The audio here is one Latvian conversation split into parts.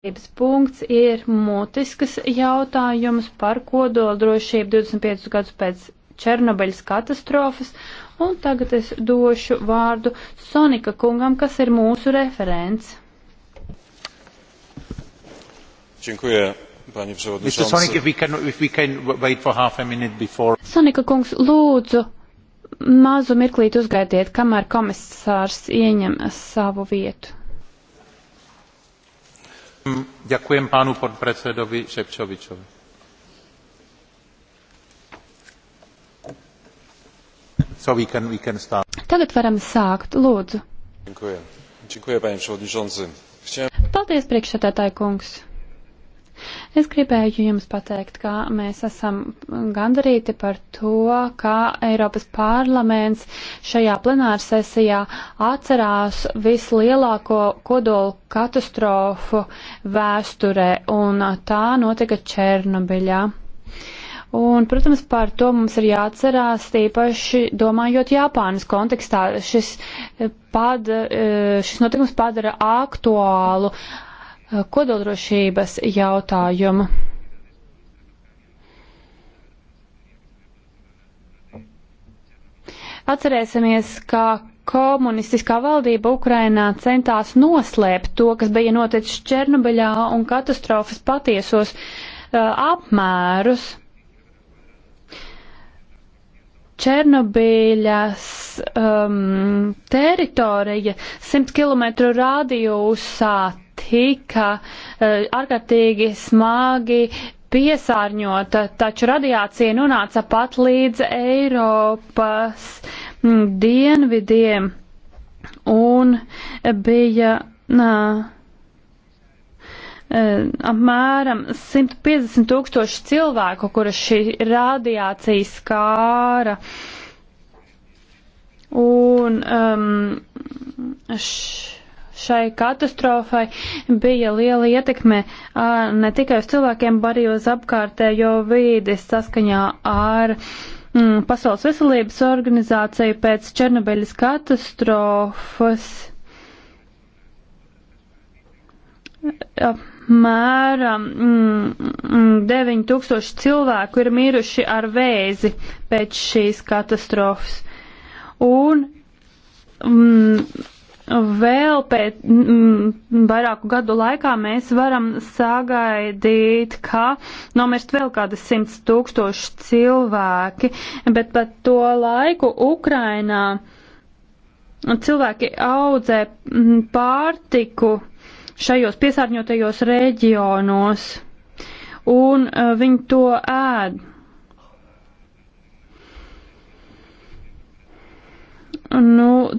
Darbības punkts ir mutiskas jautājums par kodoldrošību 25 gadus pēc Černobeļas katastrofas, un tagad es došu vārdu Sonika kungam, kas ir mūsu referents. Činkuja, Sonik, before... Sonika kungs, lūdzu, mazu mirklīt uzgaidiet, kamēr komisārs ieņem savu vietu ďakujem pánu podpredsedovi šefčovičovi. So we can, we can start. Tagad varam sākt, lūdzu. Dziękuję. Dziękuję, panie przewodniczący. Chciałem... Paldies, priekšsēdētāji kungs. Es gribēju jums pateikt, ka mēs esam gandarīti par to, ka Eiropas parlaments šajā plenārsesijā atcerās vislielāko kodolu katastrofu vēsturē, un tā notika Černobiļā. Un, protams, par to mums ir jāatcerās, tīpaši domājot Japānas kontekstā. Šis, eh, pad, eh, šis notikums padara aktuālu uh, kodoldrošības jautājuma. Atcerēsimies, kā komunistiskā valdība Ukrainā centās noslēpt to, kas bija noticis Černobiļā un katastrofas patiesos uh, apmērus. Černobiļas um, teritorija 100 km radiusā tika eh, ārkārtīgi smagi piesārņota, taču radiācija nonāca pat līdz Eiropas mm, dienvidiem un bija nā, eh, apmēram 150 tūkstoši cilvēku, kura šī radiācija skāra. Un um, š, šai katastrofai bija liela ietekme ne tikai uz cilvēkiem, bet arī uz apkārtējo vīdi saskaņā ar mm, Pasaules veselības organizāciju pēc Černobeļas katastrofas. Apmēram mm, 9000 cilvēku ir miruši ar vēzi pēc šīs katastrofas. Un mm, vēl pēc m, mm, vairāku gadu laikā mēs varam sagaidīt, ka nomirst vēl kādas simts tūkstoši cilvēki, bet pat to laiku Ukrainā cilvēki audzē mm, pārtiku šajos piesārņotajos reģionos, un eh, viņi to ēd. nu,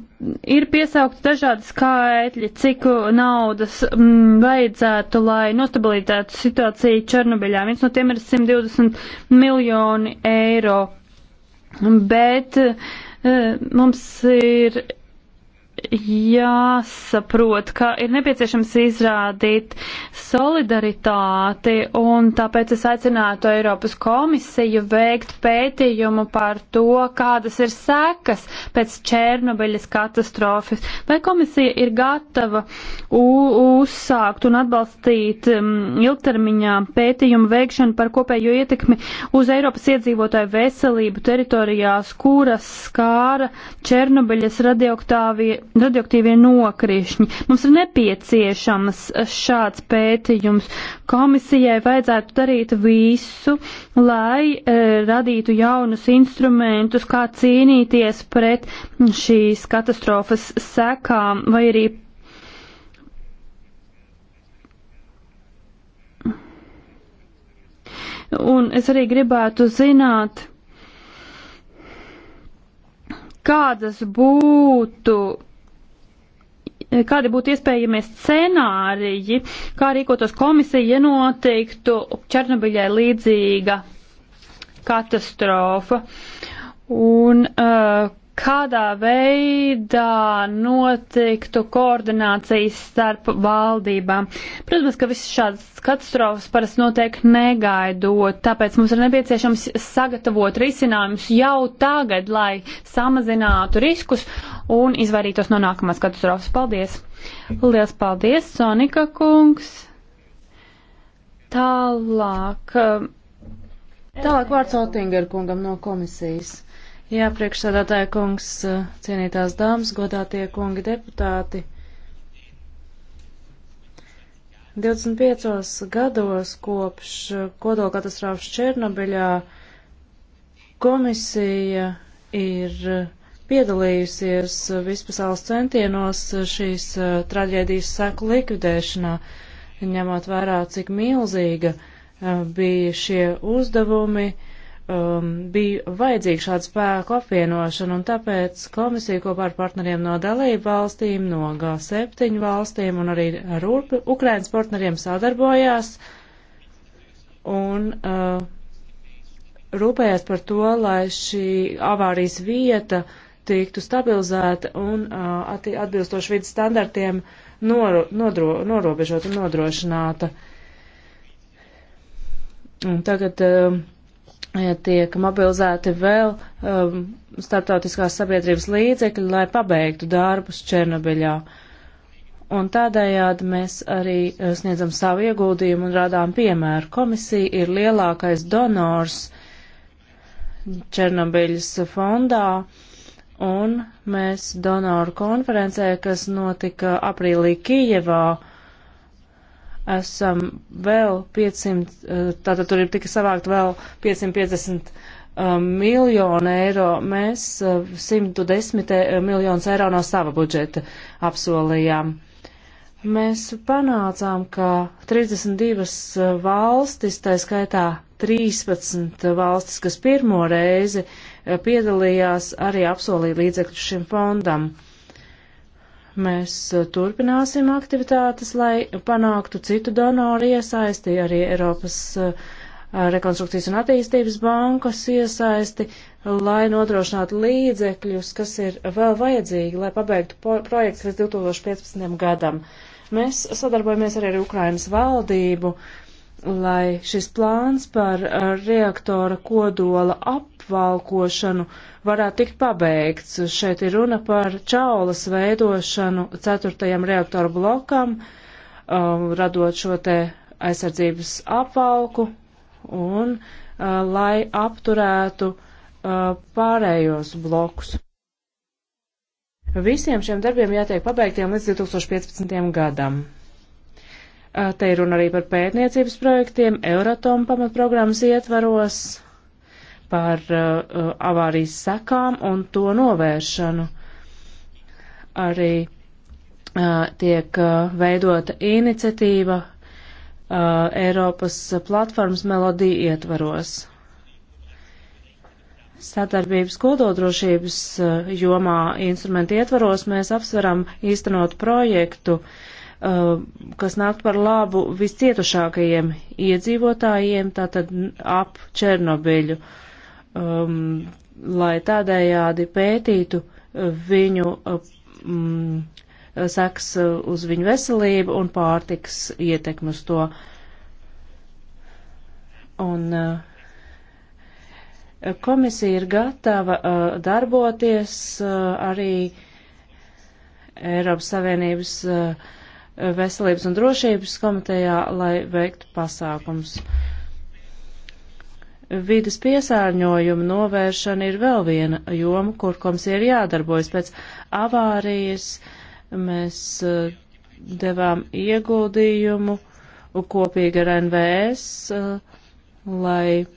ir piesaukt dažādi skaitļi, cik naudas m, mm, vajadzētu, lai nostabilizētu situāciju Černobiļā. Viens no tiem ir 120 miljoni eiro. Bet eh, mums ir jāsaprot, ka ir nepieciešams izrādīt solidaritāti, un tāpēc es aicinātu Eiropas komisiju veikt pētījumu par to, kādas ir sekas pēc Černobiļas katastrofas. Vai komisija ir gatava uzsākt un atbalstīt um, ilgtermiņā pētījumu veikšanu par kopējo ietekmi uz Eiropas iedzīvotāju veselību teritorijās, kuras skāra Černobiļas radioaktīvie radioaktīvie nokrišņi. Mums ir nepieciešams šāds pētījums. Komisijai vajadzētu darīt visu, lai e, radītu jaunus instrumentus, kā cīnīties pret šīs katastrofas sekām vai arī Un es arī gribētu zināt, kādas būtu kādi būtu iespējamie scenāriji, kā rīkotos komisija, ja noteiktu Černobiļai līdzīga katastrofa un uh, kādā veidā notiktu koordinācijas starp valdībām. Protams, ka visas šādas katastrofas parasti notiek negaidot, tāpēc mums ir nepieciešams sagatavot risinājumus jau tagad, lai samazinātu riskus un izvairītos no nākamās katastrofas. Paldies! Lielas paldies, Sonika kungs! Tālāk. Um, Tālāk vārds Otinger kungam no komisijas. Jā, priekšsēdētāja kungs, cienītās dāmas, godātie kungi deputāti. 25 gados kopš kodolkatastrofas Černobiļā komisija ir piedalījusies vispasaules centienos šīs eh, traģēdijas seku likvidēšanā, ņemot vērā, cik milzīga eh, bija šie uzdevumi, um, bija vajadzīga šāda spēku apvienošana, un tāpēc komisija kopā ar partneriem no dalību valstīm, no G7 valstīm un arī ar Ukrainas partneriem sadarbojās un uh, rūpējās par to, lai šī avārijas vieta uh, tiktu stabilizēta un atbilstoši vidas standartiem noro, nodro, norobežota un nodrošināta. Un tagad tiek mobilizēti vēl starptautiskās sabiedrības līdzekļi, lai pabeigtu darbus Černobiļā. Un tādējādi mēs arī sniedzam savu ieguldījumu un rādām piemēru. Komisija ir lielākais donors Černobiļas fondā. Uh, un mēs donoru konferencē, kas notika aprīlī Kijevā, esam vēl 500, eh, tātad tur ir tika savākt vēl 550 eh, miljonu eiro, mēs 110 eh, miljonus eiro no sava budžeta apsolījām. Mēs panācām, ka 32 valstis, tā skaitā 13 valstis, kas pirmo reizi eh, piedalījās, arī apsolīja līdzekļus šim fondam. Mēs eh, turpināsim aktivitātes, lai panāktu citu donoru iesaisti, arī Eiropas eh, rekonstrukcijas un attīstības bankas iesaisti, lai nodrošinātu līdzekļus, kas ir vēl vajadzīgi, lai pabeigtu projekts līdz 2015. gadam. Mēs sadarbojamies arī ar Ukrainas valdību, uh, lai šis plāns par uh, reaktora kodola apvalkošanu varētu tikt pabeigts. Šeit ir runa par čaulas veidošanu ceturtajam reaktoru blokam, um, radot šo te aizsardzības apvalku un uh, lai apturētu uh, pārējos blokus. Visiem šiem darbiem jātiek pabeigtiem līdz 2015. gadam. Te ir runa arī par pētniecības projektiem, Euratom pamatprogrammas ietvaros, par uh, avārijas sekām un to novēršanu. Arī uh, tiek uh, veidota iniciatīva uh, Eiropas platformas melodija ietvaros. Sadarbības kododrošības uh, jomā instrumentu ietvaros mēs apsveram īstenot projektu uh, Uh, kas nākt par labu viscietušākajiem iedzīvotājiem, tātad ap Černobiļu, um, lai tādējādi pētītu uh, viņu um, seks uz viņu veselību un pārtiks ietekmi uz to. Un uh, komisija ir gatava uh, darboties uh, arī Eiropas Savienības uh, veselības un drošības komitejā, lai veiktu pasākums. Vides piesārņojuma novēršana ir vēl viena joma, kur komisija ir jādarbojas. Pēc avārijas mēs eh, devām ieguldījumu kopīgi ar NVS, eh, lai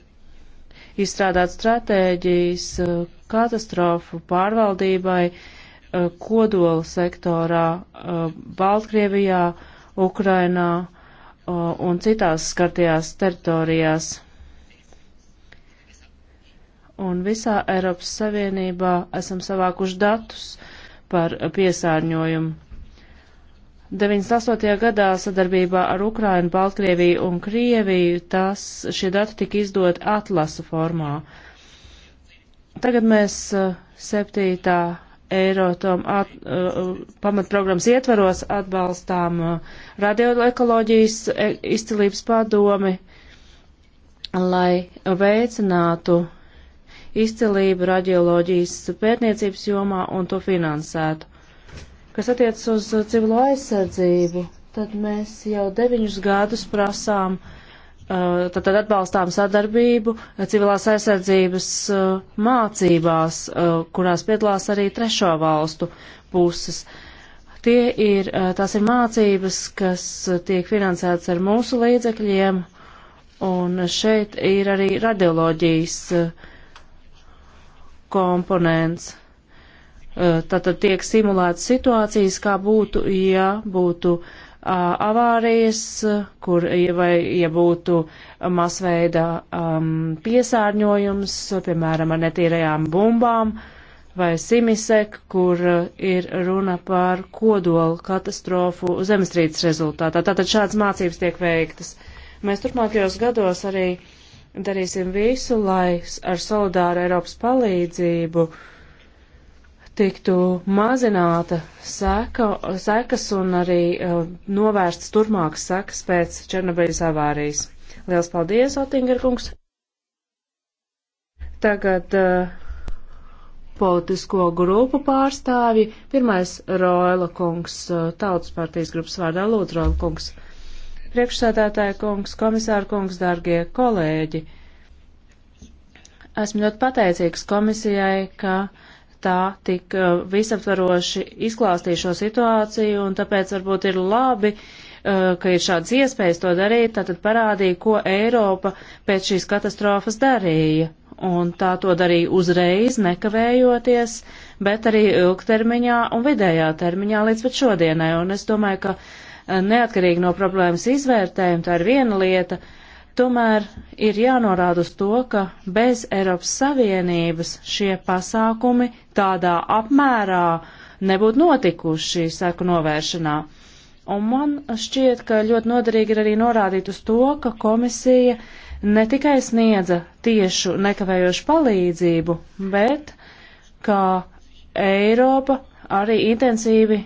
izstrādātu stratēģijas eh, katastrofu pārvaldībai, uh, Eh, kodola sektorā eh, Baltkrievijā, Ukrainā eh, un citās skartajās teritorijās. Un visā Eiropas Savienībā esam savākuši datus par piesārņojumu. 98. gadā sadarbībā ar Ukrainu, Baltkrieviju un Krieviju tas, šie dati tika izdoti atlasa formā. Tagad mēs septītā Eirotom at, uh, pamatprogrammas ietvaros atbalstām uh, radioekoloģijas e izcilības padomi, lai veicinātu izcilību radioloģijas pētniecības jomā un to finansētu. Kas attiecas uz civilo aizsardzību, tad mēs jau deviņus gadus prasām uh, Eh, tad atbalstām sadarbību civilās aizsardzības eh, mācībās, eh, kurās piedalās arī trešo valstu puses. Tie ir, tās ir mācības, kas tiek finansētas ar mūsu līdzekļiem, un šeit ir arī radioloģijas komponents. Tātad tiek simulētas situācijas, kā būtu, ja būtu uh, avārijas, kur vai ja būtu masveida um, piesārņojums, piemēram, ar netīrajām bumbām, vai simisek, kur ir runa par kodolu katastrofu zemestrīces rezultātā. Tātad šādas mācības tiek veiktas. Mēs turpmākajos gados arī darīsim visu, lai ar solidāru Eiropas palīdzību uh, tiktu mazināta seka, sekas un arī uh, e, novērstas turpmākas sekas pēc Černobeļas avārijas. Liels paldies, Otingerkungs! Tagad uh, politisko grupu pārstāvji. Pirmais Roila kungs, uh, Tautas partijas grupas vārdā Lūdzu Roila kungs. Priekšsādātāja kungs, komisāra kungs, dārgie kolēģi. Esmu ļoti pateicīgs komisijai, ka uh, tā tik uh, visaptvaroši izklāstīja šo situāciju, un tāpēc varbūt ir labi, uh, ka ir šāds iespējas to darīt, tātad parādīja, ko Eiropa pēc šīs katastrofas darīja. Un tā to darīja uzreiz, nekavējoties, bet arī ilgtermiņā un vidējā termiņā līdz pat šodienai. Un es domāju, ka uh, neatkarīgi no problēmas izvērtējuma, tā ir viena lieta, uh, Tomēr ir jānorāda uz to, ka bez Eiropas Savienības šie pasākumi tādā apmērā nebūtu notikuši seku novēršanā. Un man šķiet, ka ļoti noderīgi ir arī norādīt uz to, ka komisija ne tikai sniedza tiešu nekavējošu palīdzību, bet ka Eiropa arī intensīvi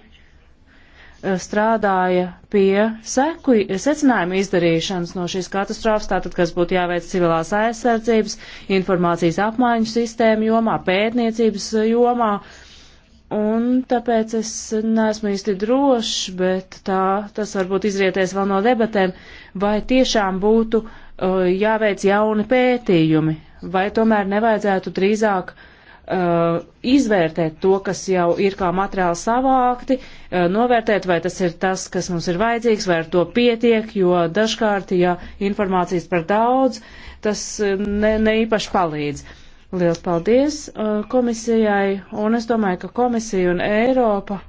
Eh, strādāja pie seku, secinājumu izdarīšanas no šīs katastrofas, tātad, kas būtu jāveic civilās aizsardzības, informācijas apmaiņu sistēmu jomā, pētniecības jomā. Un tāpēc es neesmu īsti drošs, bet tā, tas varbūt izrieties vēl no debatēm, vai tiešām būtu uh, jāveic jauni pētījumi, vai tomēr nevajadzētu drīzāk uh, uh, izvērtēt to, kas jau ir kā materiāli savākti, uh, novērtēt, vai tas ir tas, kas mums ir vajadzīgs, vai ar to pietiek, jo dažkārt, ja informācijas par daudz, tas uh, ne, ne īpaši palīdz. Liels paldies uh, komisijai, un es domāju, ka komisija un Eiropa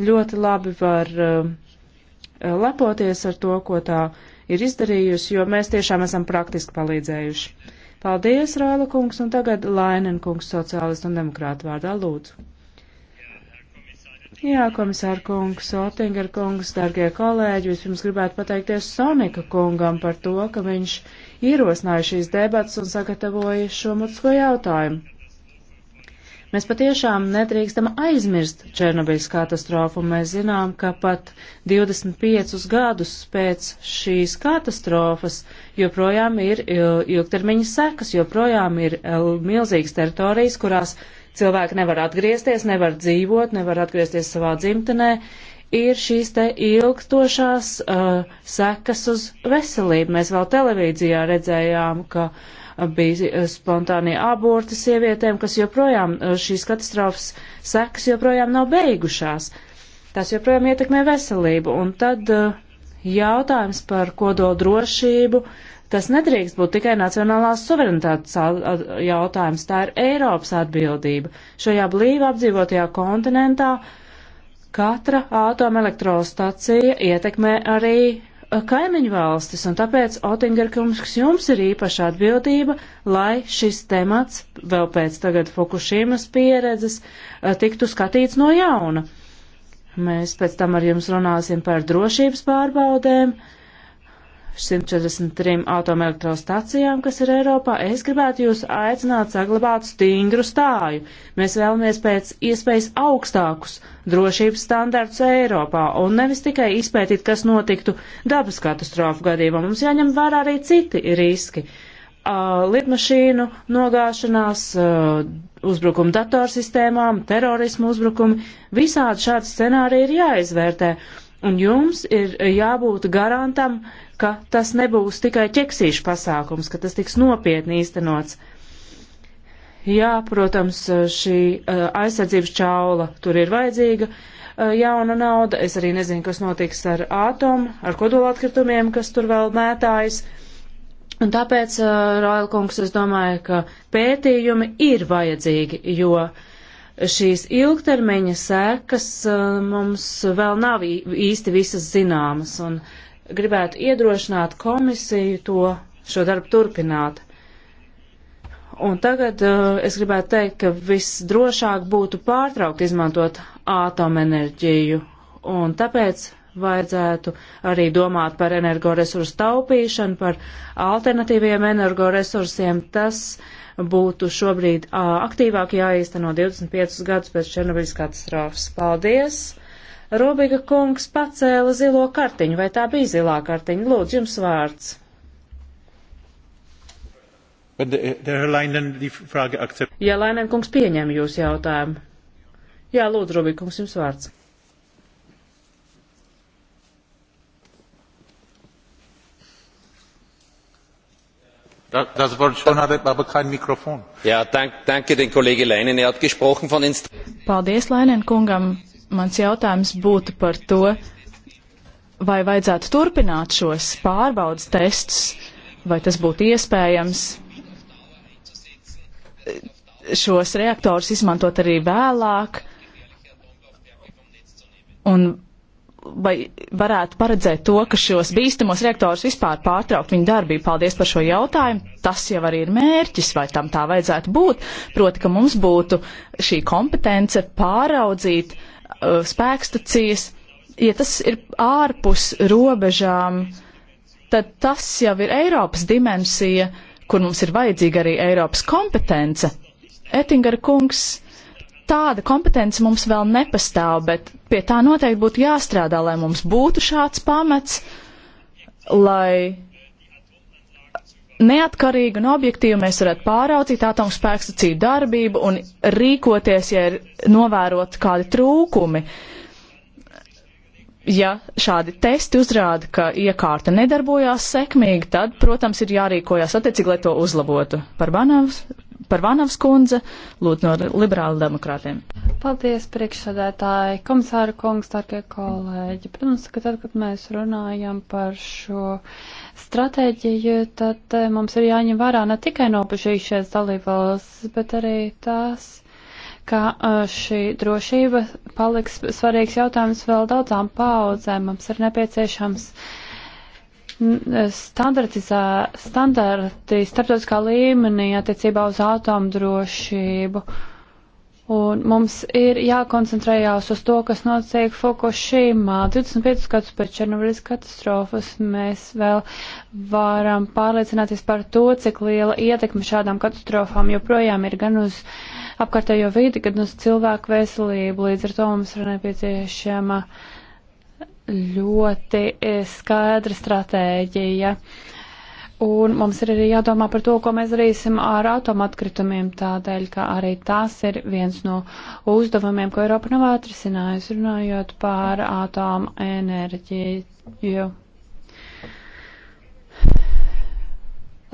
ļoti labi var uh, uh lepoties ar to, ko tā ir izdarījusi, jo mēs tiešām esam praktiski palīdzējuši. Paldies, Rāla kungs, un tagad Lainen kungs sociālistu un demokrātu vārdā lūdzu. Jā, komisāra kungs, Otinger kungs, dargie kolēģi, vispirms gribētu pateikties Sonika kungam par to, ka viņš ierosināja šīs debatas un sagatavoja šo mutisko jautājumu. Mēs patiešām nedrīkstam aizmirst Černobiļas katastrofu. Mēs zinām, ka pat 25 gadus pēc šīs katastrofas joprojām ir e, ilgtermiņa sekas, joprojām ir e, milzīgas teritorijas, kurās cilvēki nevar atgriezties, nevar dzīvot, nevar atgriezties savā dzimtenē ir šīs te ilgstošās uh, e, sekas uz veselību. Mēs vēl televīzijā redzējām, ka bija eh, spontānie aborti sievietēm, kas joprojām eh, šīs katastrofas sekas joprojām nav beigušās. Tas joprojām ietekmē veselību. Un tad eh, jautājums par kodolu drošību. Tas nedrīkst būt tikai nacionālās suverenitātes jautājums, tā ir Eiropas atbildība. Šajā blīvi apdzīvotajā kontinentā katra atomelektrostacija ietekmē arī kaimiņu valstis, un tāpēc, Otinger kungs, jums ir īpaša atbildība, lai šis temats vēl pēc tagad Fukušīmas pieredzes eh, tiktu skatīts no jauna. Mēs pēc tam ar jums runāsim par drošības pārbaudēm, uh, 143 atomelektrostacijām, kas ir Eiropā, es gribētu jūs aicināt saglabāt stingru stāju. Mēs vēlamies pēc iespējas augstākus drošības standartus Eiropā un nevis tikai izpētīt, kas notiktu dabas katastrofu gadījumā. Mums jāņem vērā arī citi riski. Uh, lidmašīnu nogāšanās, uh, uzbrukumu datorsistēmām, terorismu uzbrukumi, visādi šādi scenāriji ir jāizvērtē. Un jums ir jābūt garantam uh, ka tas nebūs tikai ķeksīšu pasākums, ka tas tiks nopietni īstenots. Jā, protams, šī eh, aizsardzības čaula tur ir vajadzīga eh, jauna nauda. Es arī nezinu, kas notiks ar ātomu, ar kodolatkritumiem, kas tur vēl mētājas. Un tāpēc, eh, Raila kungs, es domāju, ka pētījumi ir vajadzīgi, jo šīs ilgtermiņa sēkas mums vēl nav īsti visas zināmas. Un gribētu iedrošināt komisiju to šo darbu turpināt. Un tagad uh, es gribētu teikt, ka visdrošāk būtu pārtraukt izmantot ātomenerģiju, un tāpēc vajadzētu arī domāt par energoresursu taupīšanu, par alternatīviem energoresursiem. Tas būtu šobrīd uh, aktīvāk jāīsteno 25 gadus pēc Černobiļas katastrofas. Paldies! Robiga kungs pacēla zilo kartiņu, vai tā bija zilā kartiņa? Lūdzu, jums vārds. Jā, Lainen kungs pieņem jūsu jautājumu. Jā, lūdzu, Robiga kungs, jums vārds. Das Wort schon hatte aber kein Mikrofon. Ja, dank, danke den Kollege Leinen. Er hat gesprochen von Paldies Leinen kungam Mans jautājums būtu par to, vai vajadzētu turpināt šos pārbaudas tests, vai tas būtu iespējams šos reaktorus izmantot arī vēlāk, un vai varētu paredzēt to, ka šos bīstamos reaktorus vispār pārtraukt viņu darbību. Paldies par šo jautājumu. Tas jau arī ir mērķis, vai tam tā vajadzētu būt. Proti, ka mums būtu šī kompetence pāraudzīt uh, Uh, spēkstacijas, ja tas ir ārpus robežām, tad tas jau ir Eiropas dimensija, kur mums ir vajadzīga arī Eiropas kompetence. Ettingera kungs, tāda kompetence mums vēl nepastāv, bet pie tā noteikti būtu jāstrādā, lai mums būtu šāds pamats, lai neatkarīgi un objektīvi mēs varētu pāraudzīt atomspēkstacīju darbību un rīkoties, ja ir novērot kādi trūkumi. Ja šādi testi uzrāda, ka iekārta nedarbojās sekmīgi, tad, protams, ir jārīkojas attiecīgi, lai to uzlabotu. Par Vanavs, par Vanavs kundze, lūdzu no liberāla demokrātiem. Paldies, priekšsādētāji, komisāra kungs, tārkie kolēģi. Protams, ka tad, kad mēs runājam par šo uh, stratēģiju, tad eh, mums ir jāņem vērā ne tikai nobežījušies dalībvalstis, bet arī tās, ka eh, šī drošība paliks svarīgs jautājums vēl daudzām paudzēm. Mums ir nepieciešams eh, standarti starptautiskā līmenī attiecībā uz atomdrošību. drošību Un mums ir jākoncentrējās uz to, kas notiek Fukushimā. 25 gadus pēc Černobiļas katastrofas mēs vēl varam pārliecināties par to, cik liela ietekme šādām katastrofām joprojām ir gan uz apkārtējo vidi, gan uz cilvēku veselību. Līdz ar to mums ir nepieciešama ļoti skaidra stratēģija. Uh, Un mums ir arī jādomā par to, ko mēs darīsim ar atomatkritumiem, tādēļ, ka arī tas ir viens no uzdevumiem, ko Eiropa nav atrisinājusi, runājot par atomu enerģiju.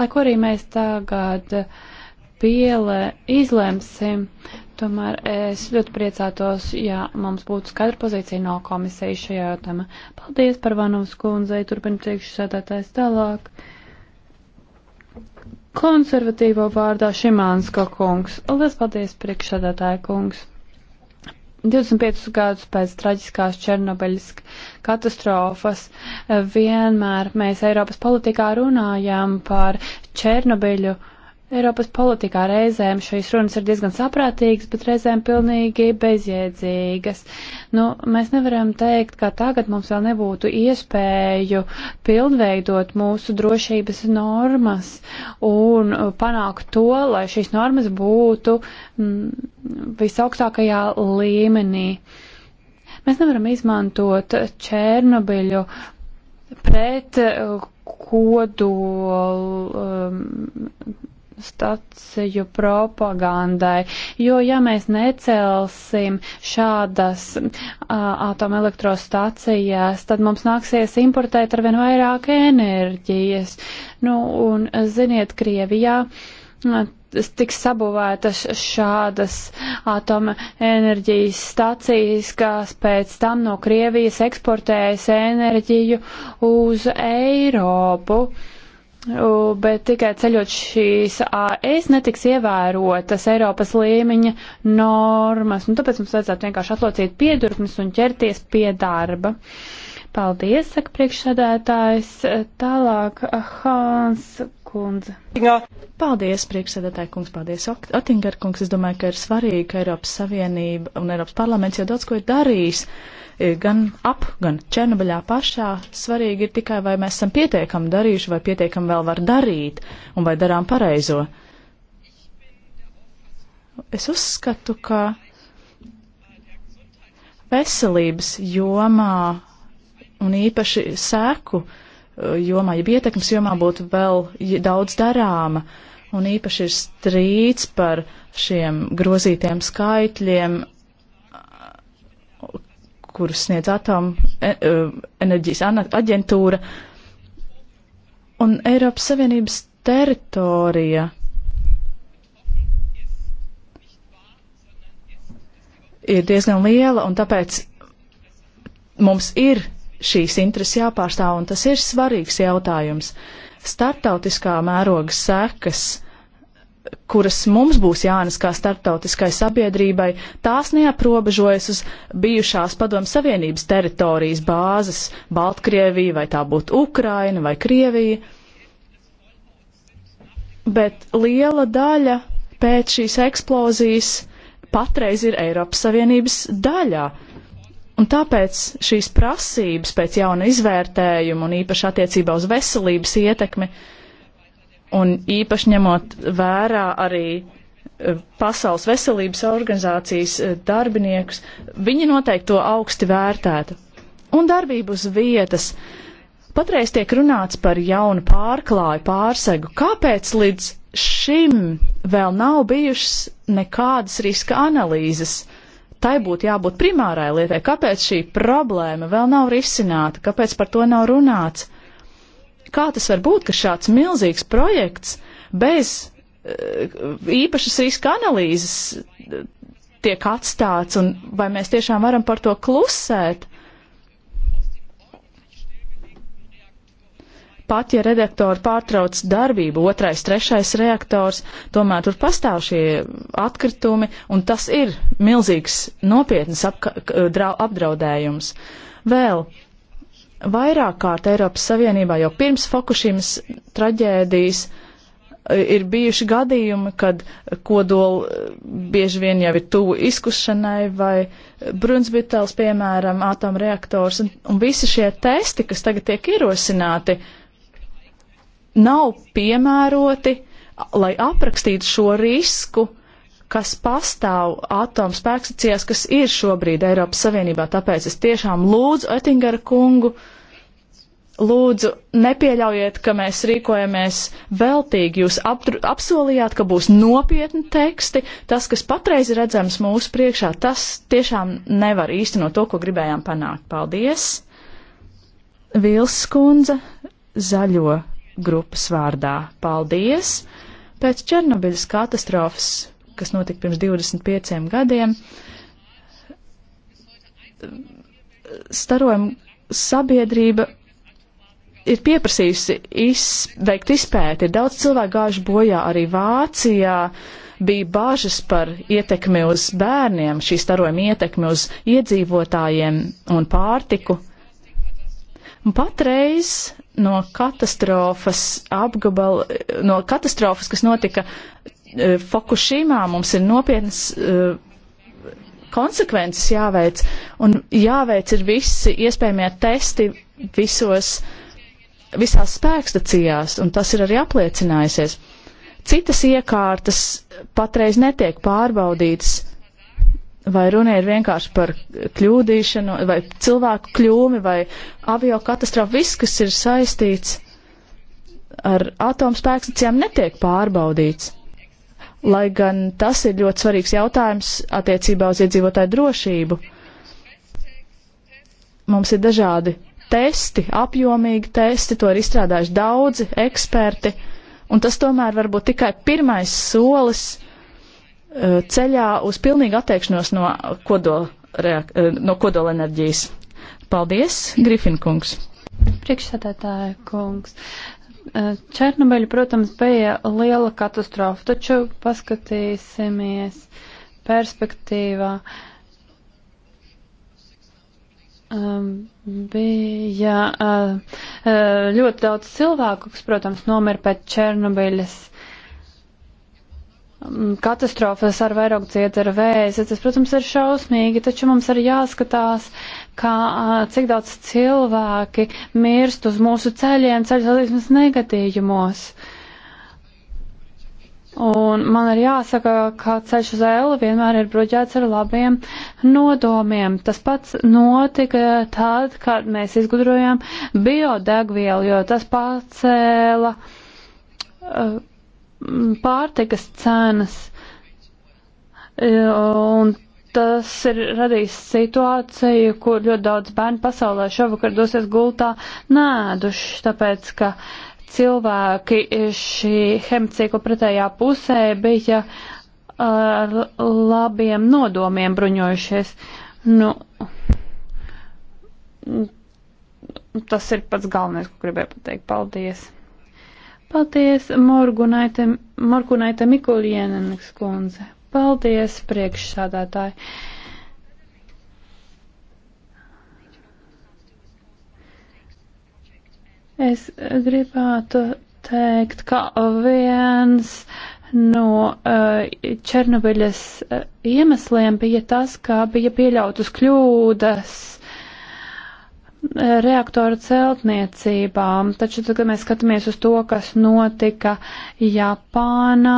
Lai ko arī mēs tagad piele izlemsim, tomēr es ļoti priecātos, ja mums būtu skaidra pozīcija no komisijas šajā jautājumā. Paldies par Vanovas kundzei, turpin priekšsēdētājs tālāk. Konservatīvo vārdā Šimānska kungs. Lielas paldies, priekšsēdētāja kungs. 25 gadus pēc traģiskās Černobeļas katastrofas eh, vienmēr mēs Eiropas politikā runājam par Černobeļu uh, Eiropas politikā reizēm šīs runas ir diezgan saprātīgas, bet reizēm pilnīgi bezjēdzīgas. Nu, mēs nevaram teikt, ka tagad mums vēl nebūtu iespēju pilnveidot mūsu drošības normas un panākt to, lai šīs normas būtu mm, visaugstākajā līmenī. Mēs nevaram izmantot Černobiļu pret uh, kodolu um, staciju propagandai, jo ja mēs necelsim šādas atomelektrostacijas, tad mums nāksies importēt arvien vairāk enerģijas. Nu, un ziniet, Krievijā tiks sabūvētas šādas atoma enerģijas stacijas, kas pēc tam no Krievijas eksportējas enerģiju uz Eiropu. Uh, bet tikai ceļot šīs AS netiks ievērotas Eiropas līmeņa normas, un tāpēc mums vajadzētu vienkārši atlocīt piedurknes un ķerties pie darba. Uh, Paldies, saka priekšsēdētājs. Tālāk Hāns kundze. Paldies, priekšsēdētāji kungs, paldies, Otingar kungs. Es domāju, ka ir svarīgi, ka Eiropas Savienība un Eiropas parlaments jau daudz ko ir darījis e, gan ap, gan Černobaļā pašā. Svarīgi ir tikai, vai mēs esam pietiekami darījuši, vai pietiekami vēl var darīt, un vai darām pareizo. Es uzskatu, ka veselības jomā un īpaši sēku uh, jomā, ja ietekmes jomā būtu vēl daudz darāma. Un īpaši ir strīds par šiem grozītiem skaitļiem, kurus sniedz atom e, e, enerģijas aģentūra. Un Eiropas Savienības teritorija ir diezgan liela, un tāpēc mums ir šīs intereses jāpārstāv, un tas ir svarīgs jautājums. Startautiskā mēroga sekas, kuras mums būs jānes kā startautiskai sabiedrībai, tās neaprobežojas uz bijušās padomu savienības teritorijas bāzes - Baltkrievija, vai tā būtu Ukraina vai Krievija. Bet liela daļa pēc šīs eksplozijas patreiz ir Eiropas Savienības daļā. Uh, Un tāpēc šīs prasības pēc jauna izvērtējuma un īpaši attiecībā uz veselības ietekmi un īpaši ņemot vērā arī eh, Pasaules veselības organizācijas eh, darbiniekus, viņi noteikti to augsti vērtētu. Un darbību uz vietas. Patreiz tiek runāts par jaunu pārklāju, pārsegu. Kāpēc līdz šim vēl nav bijušas nekādas riska analīzes? Uh, tai būtu jābūt primārai lietai. Kāpēc šī problēma vēl nav risināta? Kāpēc par to nav runāts? Kā tas var būt, ka šāds milzīgs projekts bez eh, īpašas riska analīzes eh, tiek atstāts un vai mēs tiešām varam par to klusēt? Pat ja redaktori pārtrauc darbību, otrais, trešais reaktors, tomēr tur pastāv šie atkritumi, un tas ir milzīgs nopietnas apka, eh, drau, apdraudējums. Vēl vairāk kārt Eiropas Savienībā jau pirms Fukushimas traģēdijas eh, ir bijuši gadījumi, kad kodoli eh, bieži vien jau ir tuvu izkušanai vai Brunsbitels, piemēram, atomreaktors, un, un visi šie testi, kas tagad tiek ierosināti, uh, nav piemēroti, lai aprakstītu šo risku, kas pastāv atomu spēkstacijās, kas ir šobrīd Eiropas Savienībā. Tāpēc es tiešām lūdzu Ettingera kungu, lūdzu nepieļaujiet, ka mēs rīkojamies veltīgi. Jūs apdru, apsolījāt, ka būs nopietni teksti. Tas, kas patreiz ir redzams mūsu priekšā, tas tiešām nevar īstenot to, ko gribējām panākt. Paldies! Vils kundze, zaļo grupas vārdā. Paldies! Pēc Černobiļas katastrofas, kas notika pirms 25 gadiem, starojuma sabiedrība ir pieprasījusi izveikt izpēti. Ir daudz cilvēku gājuši bojā arī Vācijā. Bija bažas par ietekmi uz bērniem, šī starojuma ietekmi uz iedzīvotājiem un pārtiku. Patreiz no katastrofas apgabala, no katastrofas, kas notika e, Fukushimā, mums ir nopietnas e, konsekvences jāveic, un jāveic ir visi iespējamie testi visos, visās spēkstacijās, un tas ir arī apliecinājusies. Citas iekārtas patreiz netiek pārbaudītas, Vai runa ir vienkārši par kļūdīšanu, vai cilvēku kļūmi, vai avio katastrofu, viss, kas ir saistīts ar atomspēkstacijām, netiek pārbaudīts. Lai gan tas ir ļoti svarīgs jautājums attiecībā uz iedzīvotāju drošību. Mums ir dažādi testi, apjomīgi testi, to ir izstrādājuši daudzi eksperti, un tas tomēr var būt tikai pirmais solis Eh, ceļā uz pilnīgu atteikšanos no, kodol, eh, no kodolenerģijas. Paldies, Grifinkungs! Priekšsēdētāja kungs. Eh, Černobeļa, protams, bija liela katastrofa, taču paskatīsimies perspektīvā. Um, bija uh, ļoti daudz cilvēku, kas, protams, nomira pēc Černobeļas Mm, katastrofas ar vairāk ciet ar vēzi. Tas, protams, ir šausmīgi, taču mums ir jāskatās, kā, cik daudz cilvēki mirst uz mūsu ceļiem, ceļu satiksmes negadījumos. Un man ir jāsaka, ka ceļš uz ēlu vienmēr ir bruģēts ar labiem nodomiem. Tas pats notika tad, kad mēs izgudrojām biodegvielu, jo tas pacēla uh, Mm, pārtikas cenas, e, un tas ir radījis situāciju, kur ļoti daudz bērnu pasaulē šovakar dosies gultā nēduši, tāpēc, ka cilvēki šī hemicikla pretējā pusē bija e, ar labiem nodomiem bruņojušies. Nu, tas ir pats galvenais, ko gribēju pateikt. Paldies! Paldies, Morgunaita Mikulienenes kundze. Paldies, priekšsādātāji. Es gribētu teikt, ka viens no uh, Černobiļas eh, iemesliem bija tas, ka bija pieļautas kļūdas reaktoru celtniecībām, taču tad, kad mēs skatāmies uz to, kas notika Japānā,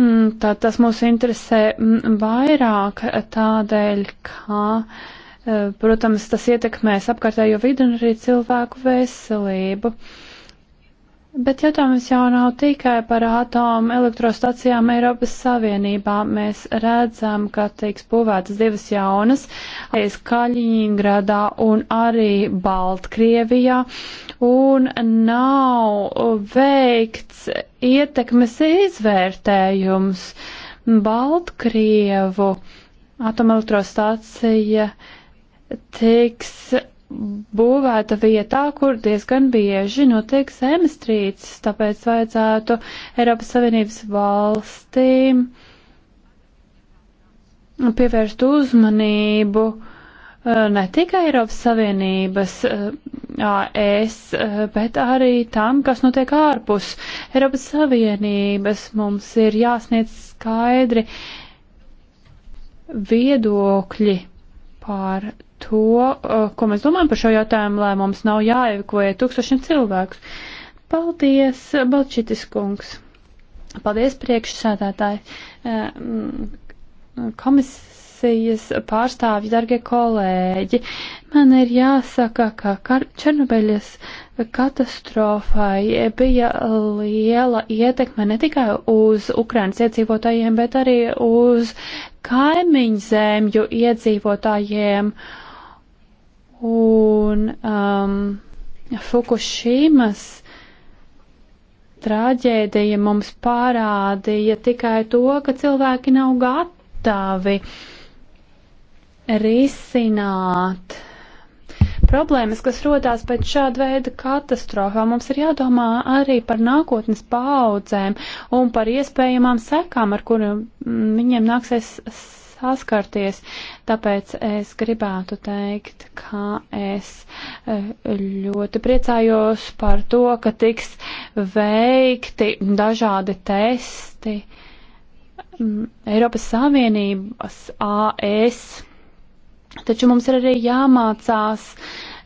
mm, tad tas mūs interesē mm, vairāk tādēļ, ka, eh, protams, tas ietekmēs apkārtējo vidu un arī cilvēku veselību. Uh, Bet jautājums jau nav tikai par atomu elektrostacijām Eiropas Savienībā. Mēs redzam, ka tiks būvētas divas jaunas, aiz Kaļiņgradā un arī Baltkrievijā, un nav veikts ietekmes izvērtējums Baltkrievu atomelektrostacija tiks būvēta vietā, kur diezgan bieži notiek zemestrīces, tāpēc vajadzētu Eiropas Savienības valstīm pievērst uzmanību eh, ne tikai Eiropas Savienības eh, AS, eh, bet arī tam, kas notiek ārpus Eiropas Savienības. Mums ir jāsniedz skaidri viedokļi pār to, uh, ko mēs domājam par šo jautājumu, lai mums nav jāevakuē tūkstošiem cilvēku. Paldies, Balčitis kungs. Paldies, priekšsēdētāji. Uh, komisijas pārstāvji, dargie kolēģi, man ir jāsaka, ka Černobeļas katastrofai bija liela ietekme ne tikai uz Ukrainas iedzīvotājiem, bet arī uz kaimiņzemju iedzīvotājiem. Uh, Un um, Fukushimas traģēdija mums parādīja tikai to, ka cilvēki nav gatavi risināt problēmas, kas rodās pēc šāda veida katastrofām. Mums ir jādomā arī par nākotnes paudzēm un par iespējamām sekām, ar kurām viņiem nāksies saskarties, tāpēc es gribētu teikt, ka es eh, ļoti priecājos par to, ka tiks veikti dažādi testi mm, Eiropas Savienības AS. Taču mums ir arī jāmācās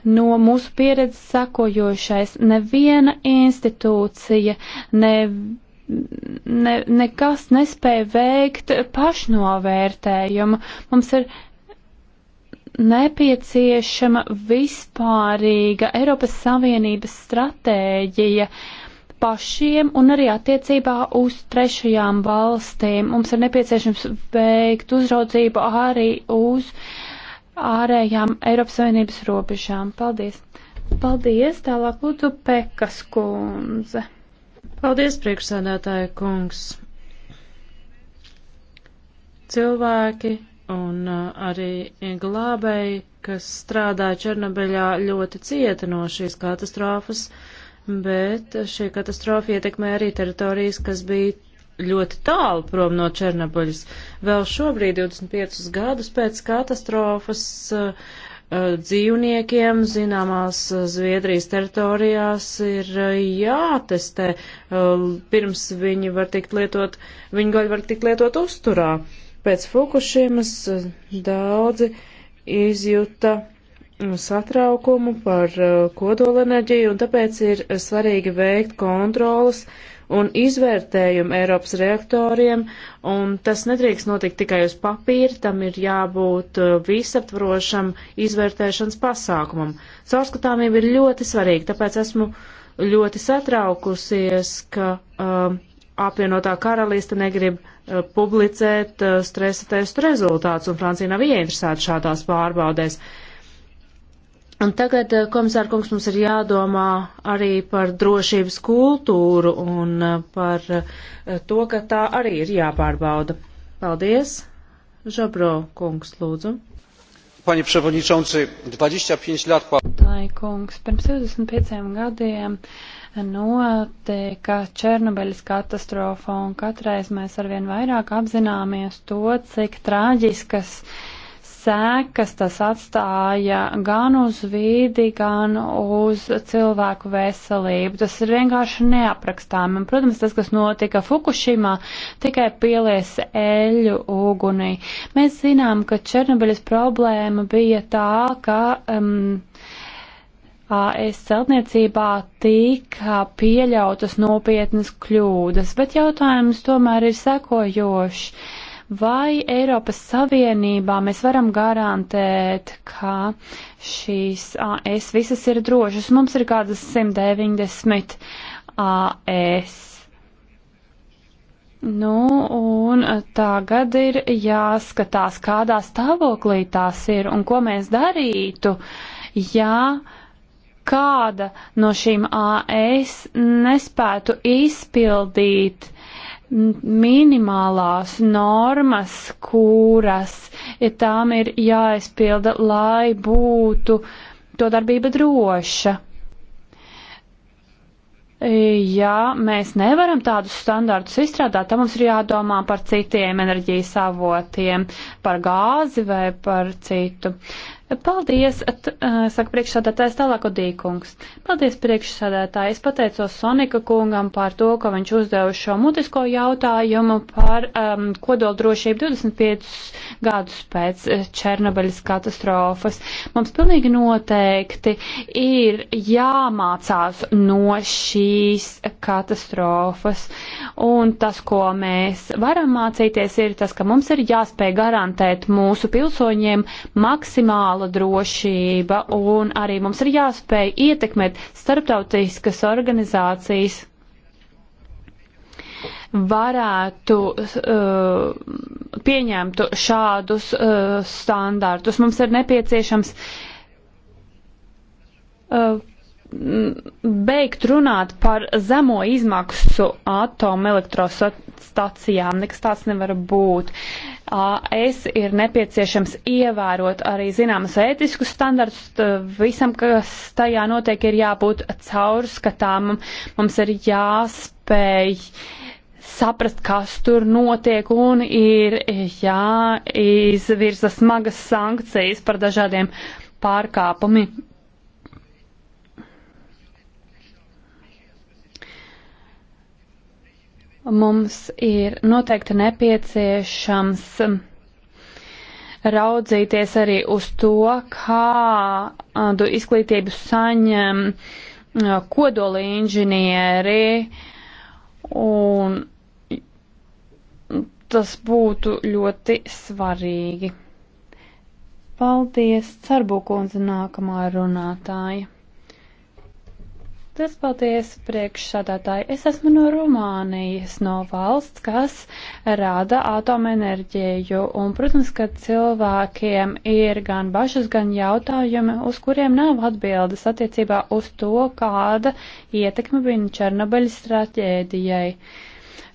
no mūsu pieredzes sakojošais. Neviena institūcija, neviena ne, nekas nespēja veikt pašnovērtējumu. Mums ir nepieciešama vispārīga Eiropas Savienības stratēģija pašiem un arī attiecībā uz trešajām valstīm. Mums ir nepieciešams veikt uzraudzību arī uz ārējām Eiropas Savienības robežām. Paldies! Paldies! Tālāk lūdzu Pekas kundze. Paldies, priekšsēdētāja kungs. Cilvēki un uh, arī glābēji, kas strādāja Černobeļā, ļoti cieta no šīs katastrofas, bet šī katastrofa ietekmē arī teritorijas, kas bija ļoti tālu prom no Černobuļas. Vēl šobrīd, 25 gadus pēc katastrofas, uh, dzīvniekiem zināmās Zviedrijas teritorijās ir jātestē, pirms viņi var tikt lietot, viņu gaļu var tikt lietot uzturā. Pēc Fukušīmas daudzi izjuta satraukumu par uh, kodolenerģiju, un tāpēc ir svarīgi veikt kontrolas un izvērtējumu Eiropas reaktoriem, un tas nedrīkst notikt tikai uz papīra, tam ir jābūt uh, visaptvarošam izvērtēšanas pasākumam. Caurskatāmība ir ļoti svarīga, tāpēc esmu ļoti satraukusies, ka uh, apvienotā karaliste negrib uh, publicēt uh, stresa testu rezultātus, un Francija nav ieinteresēta šādās pārbaudēs. Uh, Un tagad, eh, komisārkungs, mums ir jādomā arī par drošības kultūru un eh, par eh, to, ka tā arī ir jāpārbauda. Paldies. Žabro kungs, lūdzu. Panie przewodniczący, 25 lat pa... Lai kungs, pirms 25 gadiem notika Černobeļas katastrofa un katreiz mēs arvien vairāk apzināmies to, cik traģiskas uh, sēkas tas atstāja gan uz vīdi, gan uz cilvēku veselību. Tas ir vienkārši neaprakstāmi. Un, protams, tas, kas notika Fukushimā, tikai pielies eļu ugunī. Mēs zinām, ka Černobiļas problēma bija tā, ka. Um, AS celtniecībā tika pieļautas nopietnas kļūdas, bet jautājums tomēr ir sekojošs Vai Eiropas Savienībā mēs varam garantēt, ka šīs AS visas ir drošas? Mums ir kādas 190 AS. Nu, un tagad ir jāskatās, kādā stāvoklī tās ir un ko mēs darītu, ja kāda no šīm AS nespētu izpildīt minimālās normas, kuras ja tām ir jāizpilda, lai būtu to darbība droša. Ja mēs nevaram tādus standartus izstrādāt, tad mums ir jādomā par citiem enerģijas avotiem, par gāzi vai par citu. Paldies, at, uh, saka priekšsādātājs tālāko dīkungs. Paldies priekšsādātāji. Es pateicos Sonika kungam par to, ka viņš uzdeva šo mutisko jautājumu par um, kodoldrošību 25 gadus pēc uh, Černobeļas katastrofas. Mums pilnīgi noteikti ir jāmācās no šīs katastrofas. Un tas, ko mēs varam mācīties, ir tas, ka mums ir jāspēj garantēt mūsu pilsoņiem maksimāli nacionāla drošība, un arī mums ir jāspēj ietekmēt starptautiskas organizācijas varētu uh, pieņemt šādus uh, standārtus. Mums ir nepieciešams uh, beigt runāt par zemo izmaksu atomelektrostacijām. Nekas tāds nevar būt. Uh, es ir nepieciešams ievērot arī zināmas ētiskus standartus. Visam, kas tajā notiek, ir jābūt caurskatāmam. Mums ir jāspēj saprast, kas tur notiek, un ir jāizvirza smagas sankcijas par dažādiem pārkāpumiem. mums ir noteikti nepieciešams raudzīties arī uz to, kādu izglītību saņem uh, kodoli inženieri, un tas būtu ļoti svarīgi. Paldies, Carbūkundze, nākamā runātāja. Tas paldies priekšsādātāji. Es esmu no Rumānijas, no valsts, kas rāda atomenerģiju. Un, protams, ka cilvēkiem ir gan bažas, gan jautājumi, uz kuriem nav atbildes attiecībā uz to, kāda ietekme bija Černobeļas traģēdijai.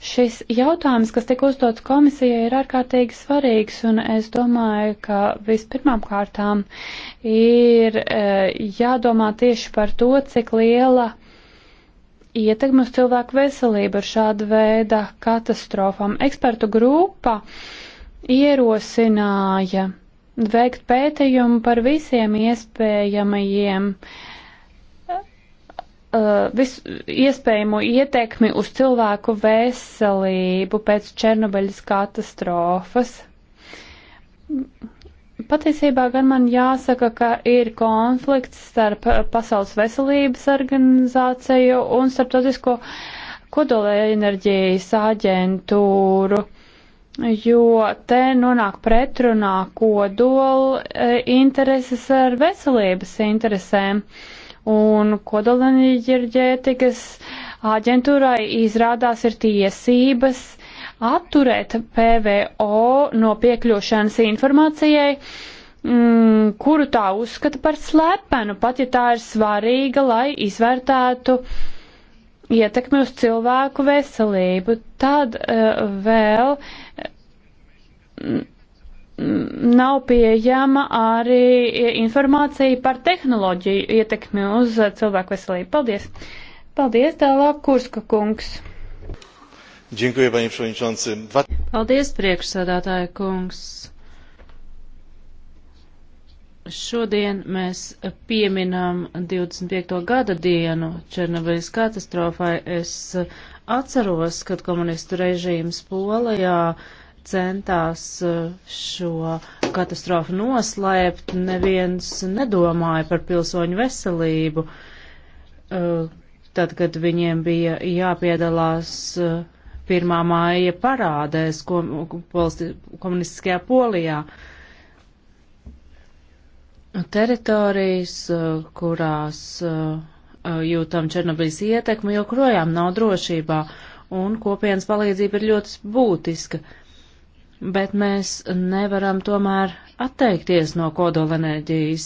Šis jautājums, kas tika uzdots komisijai, ir ārkārtīgi svarīgs, un es domāju, ka vispirmām kārtām ir e, jādomā tieši par to, cik liela ietekme uz cilvēku veselību ir šāda veida katastrofām. Ekspertu grupa ierosināja veikt pētījumu par visiem iespējamajiem uh, Uh, visu iespējamo ietekmi uz cilvēku veselību pēc Černobeļas katastrofas. Patiesībā gan man jāsaka, ka ir konflikts starp Pasaules veselības organizāciju un starptautisko kodolēnerģijas aģentūru, jo te nonāk pretrunā kodola eh, intereses ar veselības interesēm. Uh, un kodolenerģētikas aģentūrai izrādās ir tiesības atturēt PVO no piekļūšanas informācijai, mm, kuru tā uzskata par slepenu, pat ja tā ir svarīga, lai izvērtētu ietekmi uz cilvēku veselību. Tad uh, vēl. Mm, nav pieejama arī informācija par tehnoloģiju ietekmi uz cilvēku veselību. Paldies! Paldies, tālāk Kurska kungs! Dziękuję, panie przewodniczący. Paldies, priekšsādātāja kungs! Šodien mēs pieminam 25. gada dienu Černobiļas katastrofai. Es atceros, kad komunistu režīms Polijā uh, centās eh, šo katastrofu noslēpt, neviens nedomāja par pilsoņu veselību. Eh, tad, kad viņiem bija jāpiedalās eh, pirmā māja parādēs komunistiskajā polijā, teritorijas, kurās jūtam Černobiļas ietekmi, joprojām nav drošībā, un kopienas palīdzība ir ļoti būtiska. Uh, bet mēs nevaram tomēr atteikties no kodolenerģijas,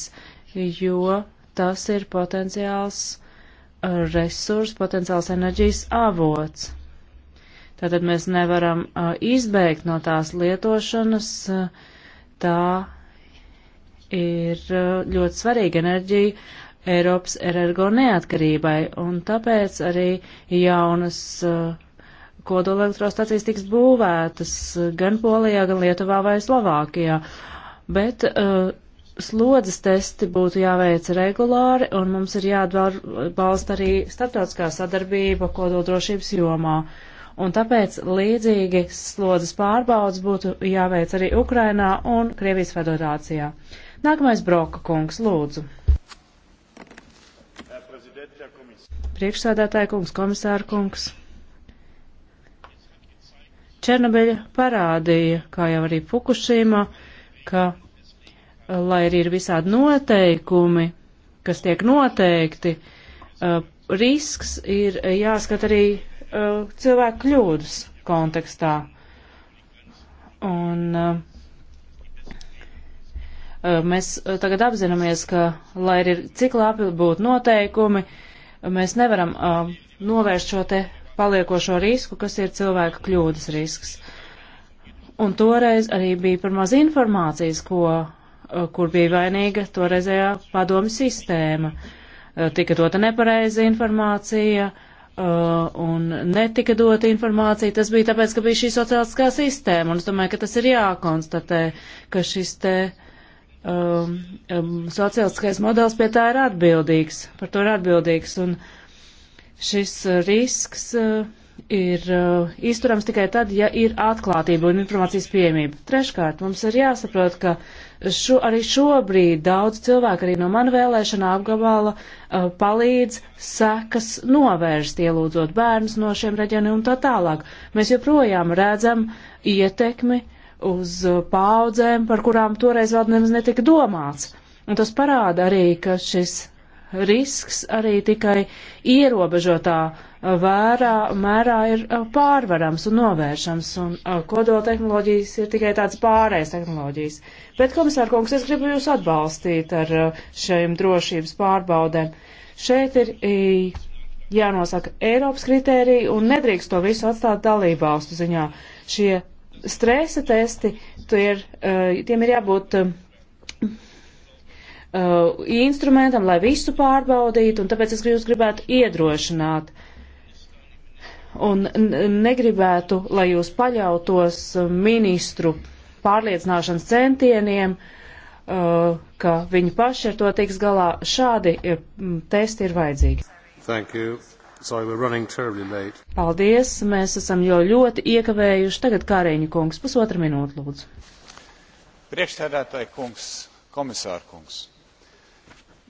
jo tas ir potenciāls uh, resurs, potenciāls enerģijas avots. Tātad mēs nevaram uh, izbēgt no tās lietošanas. Uh, tā ir uh, ļoti svarīga enerģija Eiropas energo neatkarībai, un tāpēc arī jaunas uh, kodolelektrostacijas tiks būvētas gan Polijā, gan Lietuvā vai Slovākijā. Bet uh, slodzes testi būtu jāveic regulāri, un mums ir jāatbalsta arī starptautiskā sadarbība kodoldrošības jomā. Un tāpēc līdzīgi slodzes pārbaudas būtu jāveic arī Ukrainā un Krievijas federācijā. Nākamais Broka kungs, lūdzu. Priekšsēdētāja kungs, komisāra kungs. Černobeļa parādīja, kā jau arī Fukushima, ka, lai arī ir visādi noteikumi, kas tiek noteikti, uh, risks ir jāskat arī uh, cilvēku kļūdas kontekstā. Un uh, mēs tagad apzināmies, ka, lai arī cik labi būtu noteikumi, mēs nevaram novērst šo te paliekošo risku, kas ir cilvēka kļūdas risks. Un toreiz arī bija par maz informācijas, ko, eh, kur bija vainīga toreizējā padomi sistēma. Eh, tika dota nepareiza informācija eh, un netika dota informācija. Tas bija tāpēc, ka bija šī sociāliskā sistēma, un es domāju, ka tas ir jākonstatē, ka šis te um, um, sociālistiskais modelis pie tā ir atbildīgs, par to ir atbildīgs. Un, uh, Šis uh, risks uh, ir uh, izturams tikai tad, ja ir atklātība un informācijas pieejamība. Treškārt, mums ir jāsaprot, ka šo, arī šobrīd daudz cilvēku arī no man vēlēšana apgabala palīdz sekas novērst, ielūdzot bērnus no šiem reģioniem un tā tālāk. Mēs joprojām redzam ietekmi uz paudzēm, par kurām toreiz vēl nemaz netika domāts. Un tas parāda arī, ka šis risks arī tikai ierobežotā vērā, mērā ir pārvarams un novēršams, un kodoltehnoloģijas ir tikai tāds pārējais tehnoloģijas. Bet, komisār kungs, es gribu jūs atbalstīt ar šiem drošības pārbaudēm. Šeit ir jānosaka Eiropas kritērija un nedrīkst to visu atstāt dalībvalstu ziņā. Šie stresa testi, tie ir, tiem ir jābūt uh, instrumentam, lai visu pārbaudītu, un tāpēc es jūs gribētu iedrošināt. Un negribētu, lai jūs paļautos uh, ministru pārliecināšanas centieniem, uh, ka viņi paši ar to tiks galā. Šādi testi ir vajadzīgi. Thank you. Sorry, we're running terribly late. Paldies, mēs esam jau ļoti iekavējuši. Tagad Kāriņa kungs, pusotra minūte, lūdzu. Priekšsēdētāji kungs, komisāra kungs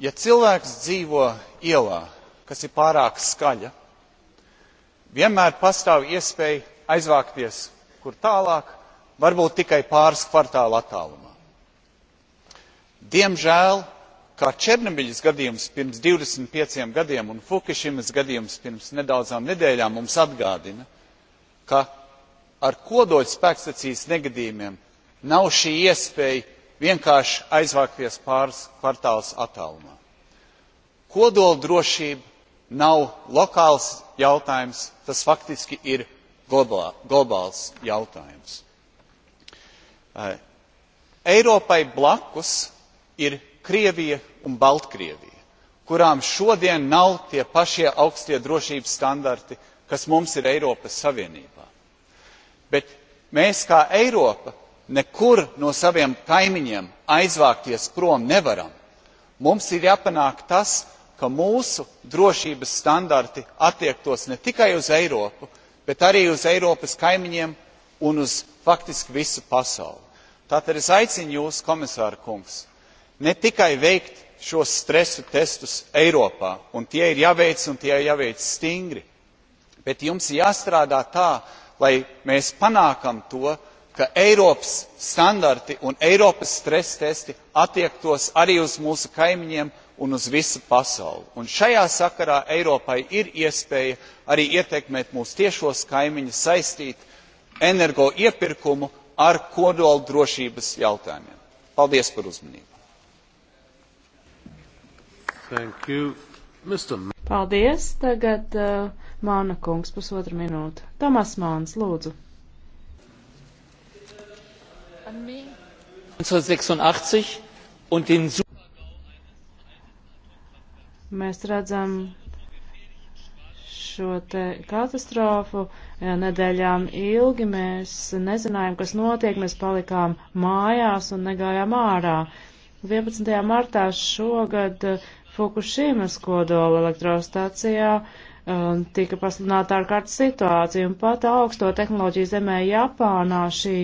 ja cilvēks dzīvo ielā kas ir pārāk skaļa vienmēr pastāv iespēja aizvākties kur tālāk varbūt tikai pāris kvartālu attālumā. diemžēl kā černobiļas gadījums pirms divdesmit pieciem gadiem un fukušimas gadījums pirms nedaudzām nedēļām mums atgādina ka ar kodolspēkstacijas negadījumiem nav šī iespēja vienkārši aizvākties pāris kvartālus attālumā. Kodoldrošība nav lokāls jautājums, tas faktiski ir globā, globāls jautājums. Eh, Eiropai blakus ir Krievija un Baltkrievija, kurām šodien nav tie pašie augstie drošības standarti, kas mums ir Eiropas Savienībā. Bet mēs kā Eiropa nekur no saviem kaimiņiem aizvākties prom nevaram. Mums ir jāpanāk tas, ka mūsu drošības standarti attiektos ne tikai uz Eiropu, bet arī uz Eiropas kaimiņiem un uz faktiski visu pasauli. Tātad es aicinu jūs, komisāra kungs, ne tikai veikt šos stresu testus Eiropā, un tie ir jāveic un tie ir jāveic stingri, bet jums jāstrādā tā, lai mēs panākam to, ka eiropas standarti un eiropas stresa testi attiektos arī uz mūsu kaimiņiem un uz visu pasauli. Un šajā sakarā eiropai ir iespēja arī ietekmēt mūsu tiešos kaimiņus saistīt energoiepirkumu ar kodoldrošības jautājumiem. paldies par uzmanību! Paldies! Tagad uh, Māna kungs pusotra minūte. Tomas Māns, lūdzu! 1986 un den Mēs redzam šo te katastrofu. Nedēļām ilgi mēs nezinājām, kas notiek, mēs palikām mājās un negājām ārā. 11. martā šogad Fukushimas kodola elektrostacijā um, tika pasludināta ārkārtas situācija, un pat augsto tehnoloģiju zemē Japānā šī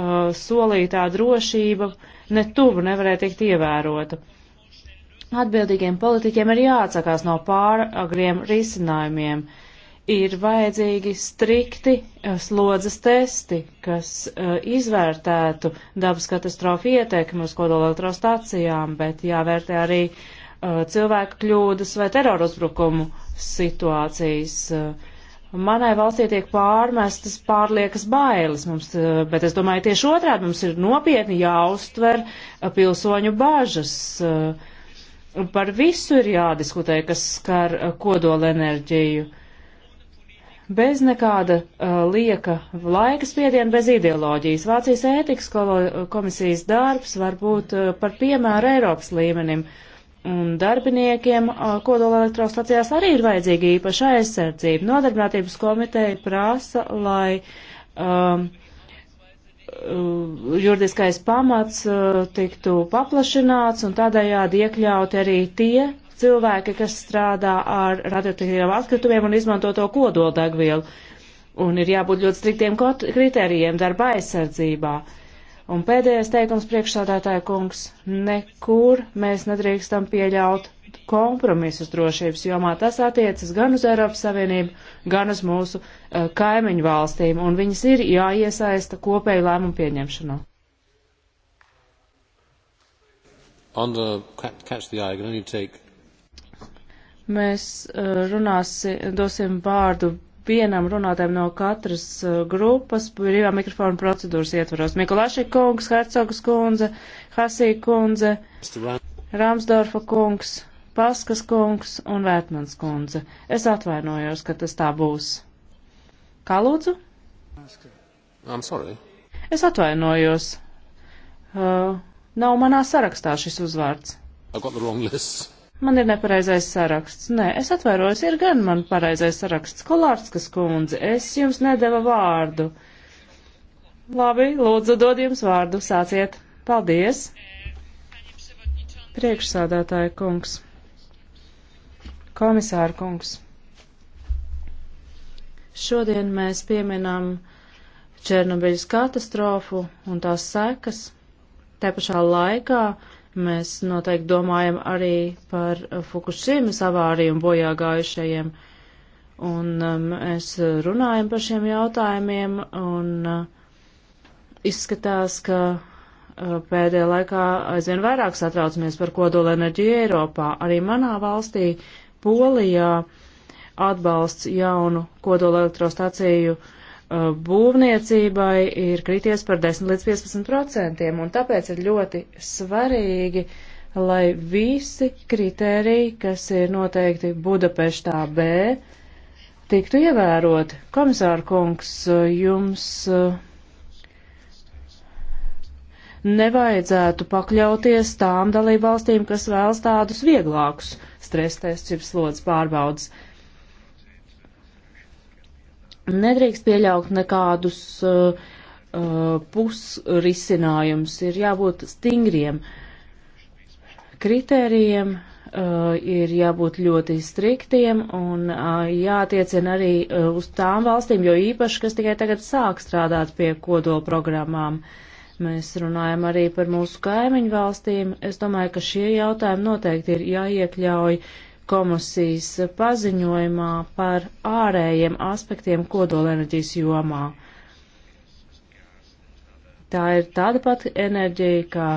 Uh, solītā drošība ne tuvu nevarēja tikt ievērota. Atbildīgiem politiķiem ir jāatsakās no pāragriem risinājumiem. Ir vajadzīgi strikti uh, slodzes testi, kas uh, izvērtētu dabas katastrofu ietekmi uz kodolelektrostacijām, bet jāvērtē arī uh, cilvēku kļūdas vai teroruzbrukumu situācijas. Uh, Manai valstī tiek pārmestas pārliekas bailes, mums, eh, bet es domāju tieši otrādi, mums ir nopietni jāuztver eh, pilsoņu bažas. Eh, par visu ir jādiskutē, kas skar kodola enerģiju. Bez nekāda uh, lieka laika spiediena, bez ideoloģijas. Vācijas ētikas komisijas darbs var būt uh, par piemēru Eiropas līmenim. Uh, un darbiniekiem kodola elektrostacijās arī ir vajadzīga īpaša aizsardzība. Nodarbinātības komiteja prasa, lai um, juridiskais pamats uh, tiktu paplašināts un tādējādi iekļauti arī tie cilvēki, kas strādā ar radioaktīviem atkritumiem un izmanto to kodoldegvielu. Un ir jābūt ļoti striktiem kritērijiem darba aizsardzībā. Uh, Un pēdējais teikums priekšsādātāja kungs - nekur mēs nedrīkstam pieļaut kompromisus drošības jomā. Tas attiecas gan uz Eiropas Savienību, gan uz mūsu uh, kaimiņu valstīm, un viņas ir jāiesaista kopēju lēmumu pieņemšanā. Take... Mēs uh, eh, runāsim, dosim vārdu vienam runātājam no katras uh, grupas brīvā mikrofona procedūras ietvaros. Mikulāši kungs, Hercogas kundze, Hasī kundze, Ramsdorfa kungs, Paskas kungs un Vērtmans kundze. Es atvainojos, ka tas tā būs. Kā lūdzu? Es atvainojos. Uh, nav manā sarakstā šis uzvārds. I got the wrong list. Man ir nepareizais saraksts. Nē, es atvairojos, ir gan man pareizais saraksts. Kolārskas kundze, es jums nedeva vārdu. Labi, lūdzu, dod jums vārdu. Sāciet. Paldies. Priekšsādātāja kungs. Komisāra kungs. Šodien mēs pieminam Černobiļas katastrofu un tās sekas. Te pašā laikā Mēs noteikti domājam arī par Fukushimas avāriju un bojā gājušajiem. Un um, mēs runājam par šiem jautājumiem un uh, izskatās, ka uh, pēdējā laikā aizvien vairāk satraucamies par kodolenerģiju Eiropā. Arī manā valstī, Polijā, atbalsts jaunu kodolelektrostaciju uh, Uh, būvniecībai ir krities par 10 līdz 15 procentiem, un tāpēc ir ļoti svarīgi, lai visi kritēriji, kas ir noteikti Budapeštā B, tiktu ievēroti. Komisāra kungs, uh, jums uh, nevajadzētu pakļauties tām dalībvalstīm, kas vēlas tādus vieglākus stresstestus, jeb slodzes pārbaudas. Uh, Nedrīkst pieļaut nekādus uh, uh, pusrisinājumus, ir jābūt stingriem kritērijiem, uh, ir jābūt ļoti striktiem un uh, jātiecina arī uh, uz tām valstīm, jo īpaši, kas tikai tagad sāk strādāt pie kodola programmām. Mēs runājam arī par mūsu kaimiņu valstīm. Es domāju, ka šie jautājumi noteikti ir jāiekļauj komisijas paziņojumā par ārējiem aspektiem kodolenerģijas jomā. Tā ir tāda pati enerģija kā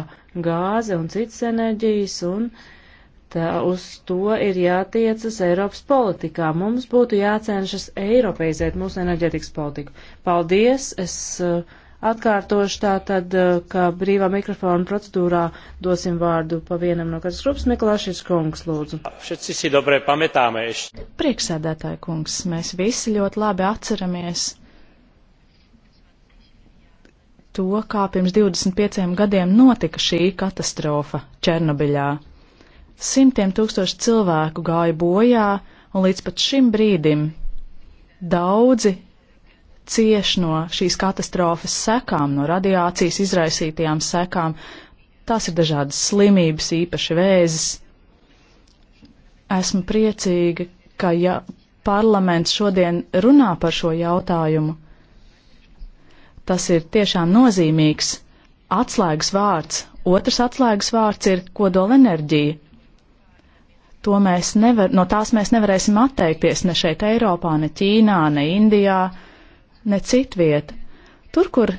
gāze un citas enerģijas, un tā, uz to ir jātiecas Eiropas politikā. Mums būtu jācenšas eiropeizēt mūsu enerģētikas politiku. Paldies! Es, uh, Atkārtošu tā tad, eh, ka brīvā mikrofona procedūrā dosim vārdu pa vienam no katras grupas. Miklāšis kungs, lūdzu. Prieksēdētāji kungs, mēs visi ļoti labi atceramies to, kā pirms 25 gadiem notika šī katastrofa Černobiļā. Simtiem tūkstoši cilvēku gāja bojā, un līdz pat šim brīdim daudzi cieš no šīs katastrofas sekām, no radiācijas izraisītajām sekām. Tās ir dažādas slimības, īpaši vēzis. Esmu priecīga, ka ja parlaments šodien runā par šo jautājumu. Tas ir tiešām nozīmīgs atslēgas vārds. Otrs atslēgas vārds ir kodolenerģija. To mēs nevar, no tās mēs nevarēsim atteikties ne šeit Eiropā, ne Ķīnā, ne Indijā, uh, ne citviet. Tur, kur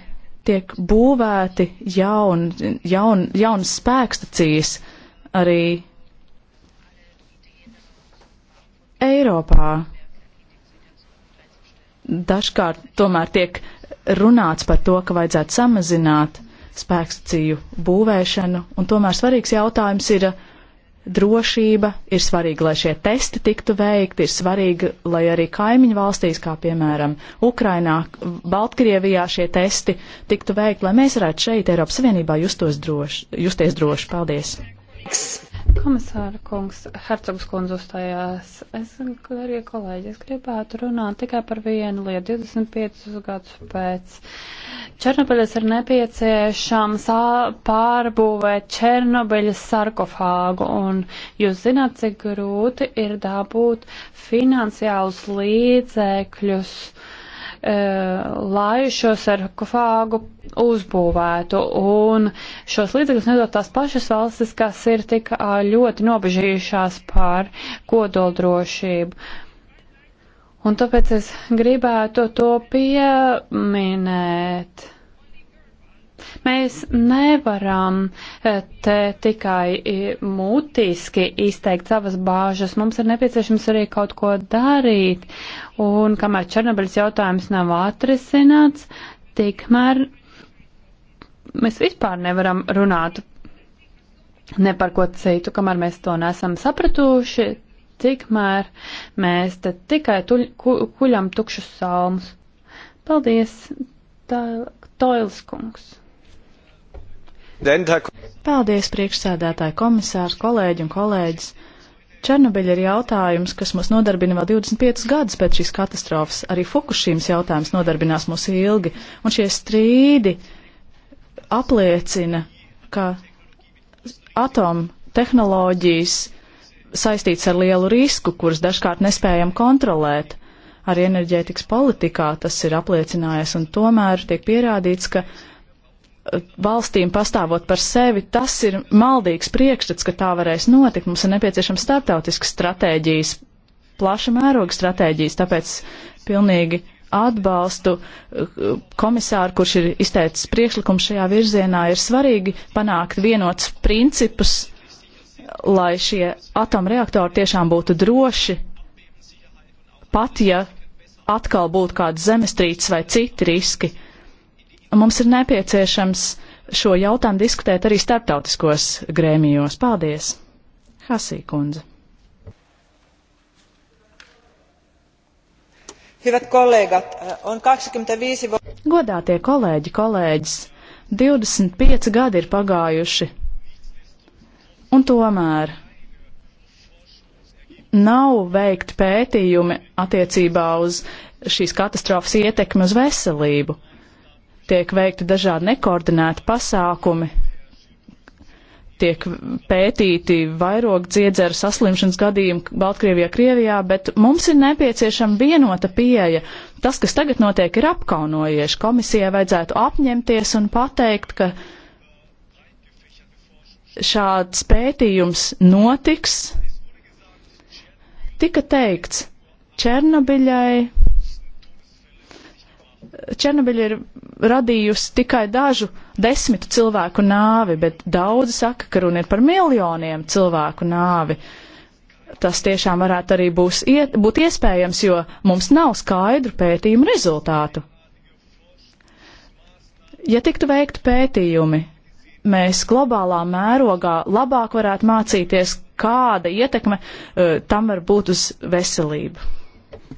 tiek būvēti jaun, jaun, jaunas spēkstacijas arī Eiropā. Dažkārt tomēr tiek runāts par to, ka vajadzētu samazināt spēkstaciju būvēšanu, un tomēr svarīgs jautājums ir, uh, drošība, ir svarīgi, lai šie testi tiktu veikti, ir svarīgi, lai arī kaimiņu valstīs, kā piemēram Ukrainā, Baltkrievijā šie testi tiktu veikti, lai mēs varētu šeit Eiropas Savienībā justos droši, justies droši. Paldies! Komisāra kungs, Hercogs kundze uzstājās. Es, arī kolēģi, es gribētu runāt tikai par vienu lietu. 25 gadus pēc Černobiļas ir nepieciešams pārbūvēt Černobiļas sarkofāgu, un jūs zināt, cik grūti ir dabūt finansiālus līdzēkļus, e, lai šo sarkofāgu uzbūvētu, un šos līdzekļus nedod tās pašas valstis, kas ir tik ļoti nobežījušās par kodoldrošību. Un tāpēc es gribētu to pieminēt. Mēs nevaram eh, te tikai eh, mutiski izteikt savas bāžas. Mums ir nepieciešams arī kaut ko darīt. Un kamēr Černobiļas jautājums nav atrisināts, tikmēr mēs vispār nevaram runāt ne par ko citu, kamēr mēs to nesam sapratuši, tikmēr mēs te tikai tuļ, ku, kuļam tukšus salmus. Paldies, tā, Toils kungs! Paldies, priekšsēdētāji, komisārs, kolēģi un kolēģis. Černobiļa ir jautājums, kas mūs nodarbina vēl 25 gadus pēc šīs katastrofas. Arī Fukušīmas jautājums nodarbinās mūs ilgi, un šie strīdi apliecina, ka atom tehnoloģijas saistīts ar lielu risku, kurus dažkārt nespējam kontrolēt. Arī enerģētikas politikā tas ir apliecinājies, un tomēr tiek pierādīts, ka eh, valstīm pastāvot par sevi, tas ir maldīgs priekšstats, ka tā varēs notikt. Mums ir nepieciešams starptautisks stratēģijas, plaša mēroga stratēģijas, tāpēc pilnīgi atbalstu eh, komisāru, kurš ir izteicis priekšlikumu šajā virzienā, ir svarīgi panākt vienots principus lai šie atomreaktori tiešām būtu droši, pat ja atkal būtu kāds zemestrīces vai citi riski. Mums ir nepieciešams šo jautājumu diskutēt arī starptautiskos grēmijos. Paldies! Hasī kundze. Hyvät kollegat, on 25 Godātie kolēģi, kolēģis, 25 gadi ir pagājuši Un tomēr nav veikti pētījumi attiecībā uz šīs katastrofas ietekmi uz veselību. Tiek veikti dažādi nekoordinēti pasākumi, tiek pētīti vairogu dziedzera saslimšanas gadījumi Baltkrievijā, Krievijā, bet mums ir nepieciešama vienota pieeja. Tas, kas tagad notiek, ir apkaunojoši. Komisijai vajadzētu apņemties un pateikt, ka uh, šāds pētījums notiks. Tika teikts, Černobiļai. Černobiļa ir radījusi tikai dažu desmitu cilvēku nāvi, bet daudzi saka, ka runa ir par miljoniem cilvēku nāvi. Tas tiešām varētu arī būs, iet, būt iespējams, jo mums nav skaidru pētījumu rezultātu. Ja tiktu veikti pētījumi, mēs globālā mērogā labāk varētu mācīties, kāda ietekme uh, tam var būt uz veselību.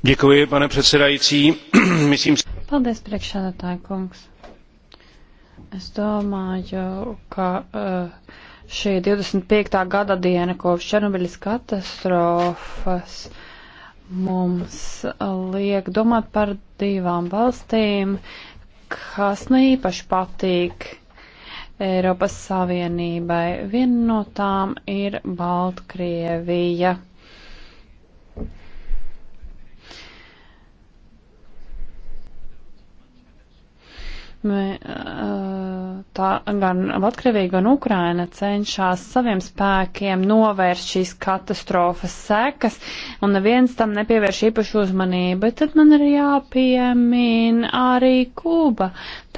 Děkuji, pane předsedající. Myslím... Paldies, priekšsēdētāji kungs. Es domāju, ka uh, šī 25. gada diena kopš Černobiļas katastrofas mums liek domāt par divām valstīm, kas neīpaši patīk Eiropas Savienībai. Viena no tām ir Baltkrievija, Tā gan Latvija, gan Ukraina cenšas saviem spēkiem novērst šīs katastrofas sekas, un neviens tam nepievērš īpašu uzmanību. Bet tad man ir jāpiemina arī Kuba,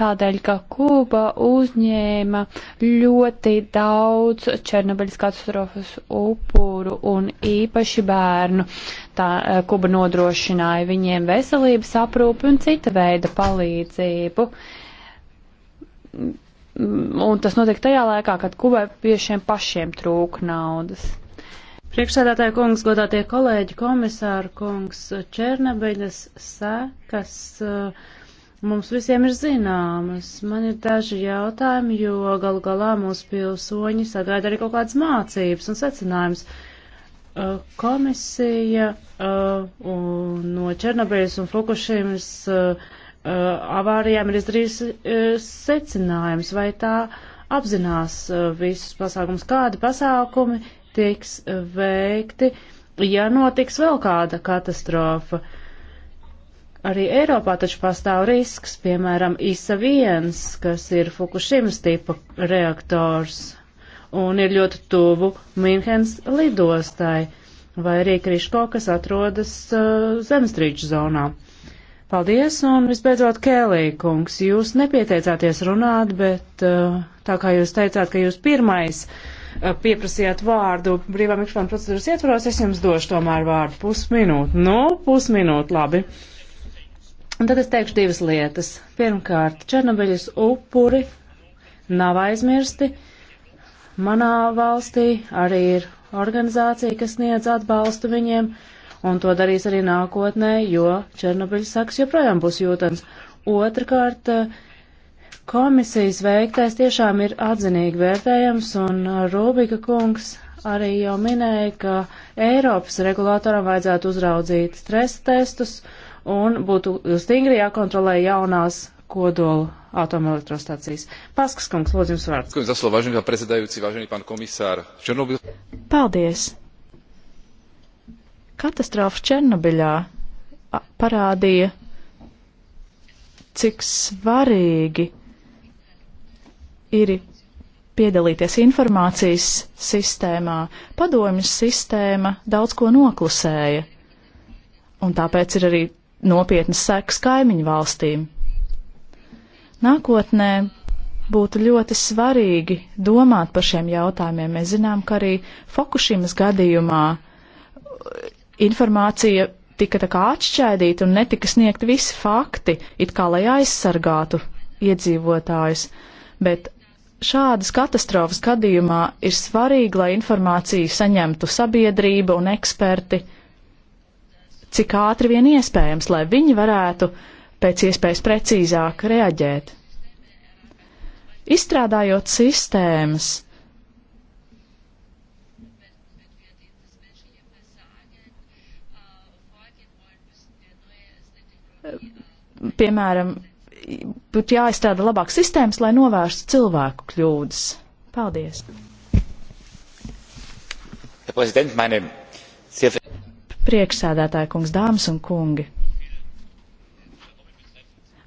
tādēļ, ka Kuba uzņēma ļoti daudz Černobiļas katastrofas upuru un īpaši bērnu. Tā Kuba nodrošināja viņiem veselības aprūpi un cita veida palīdzību. Uh, Mm, un tas notiek tajā laikā, kad Kubai piešiem pašiem trūk naudas. Priekšsēdētāja kungs, godātie kolēģi, komisāra kungs, Černobiļas sekas uh, mums visiem ir zināmas. Man ir daži jautājumi, jo galu galā mūsu pilsoņi sagaida arī kaut kādas mācības un secinājumus. Uh, komisija uh, no Černobiļas un Fukušimas uh, Eh, avārijām ir izdarījusi eh, secinājums, vai tā apzinās eh, visus pasākumus, kādi pasākumi tiks veikti, ja notiks vēl kāda katastrofa. Arī Eiropā taču pastāv risks, piemēram, ISA 1, kas ir Fukushimas tipa reaktors un ir ļoti tuvu Minhenes lidostai, vai arī Kriško, kas atrodas uh, zemestrīču zonā. Uh, Paldies, un visbeidzot, Kēlī, kungs, jūs nepieteicāties runāt, bet uh, tā kā jūs teicāt, ka jūs pirmais uh, pieprasījāt vārdu brīvā mikrofona procedūras ietvaros, es jums došu tomēr vārdu pusminūti. Nu, pusminūti, labi. Un tad es teikšu divas lietas. Pirmkārt, Černobeļas upuri nav aizmirsti. Manā valstī arī ir organizācija, kas sniedz atbalstu viņiem. Uh, un to darīs arī nākotnē, jo Černobiļas saks joprojām būs jūtams. Otrakārt, komisijas veiktais tiešām ir atzinīgi vērtējams, un Rūbika kungs arī jau minēja, ka Eiropas regulātoram vajadzētu uzraudzīt stresa testus un būtu stingri jākontrolē jaunās kodolu atomelektrostācijas. Paskas kungs, lūdzu jums vārds. Kungs, zaslo, vážený pán prezidajúci, vážený pán komisār. Černobyl... Paldies. Katastrofa Černobiļā parādīja, cik svarīgi ir piedalīties informācijas sistēmā. Padomju sistēma daudz ko noklusēja, un tāpēc ir arī nopietnas sekas kaimiņu valstīm. Nākotnē būtu ļoti svarīgi domāt par šiem jautājumiem. Mēs zinām, ka arī Fukushimas gadījumā informācija tika tā kā atšķēdīta un netika sniegti visi fakti, it kā lai aizsargātu iedzīvotājus. Bet šādas katastrofas gadījumā ir svarīgi, lai informāciju saņemtu sabiedrība un eksperti, cik ātri vien iespējams, lai viņi varētu pēc iespējas precīzāk reaģēt. Izstrādājot sistēmas, piemēram, būtu jāizstrāda labāk sistēmas, lai novērstu cilvēku kļūdas. Paldies! Priekšsēdētāja kungs, dāmas un kungi!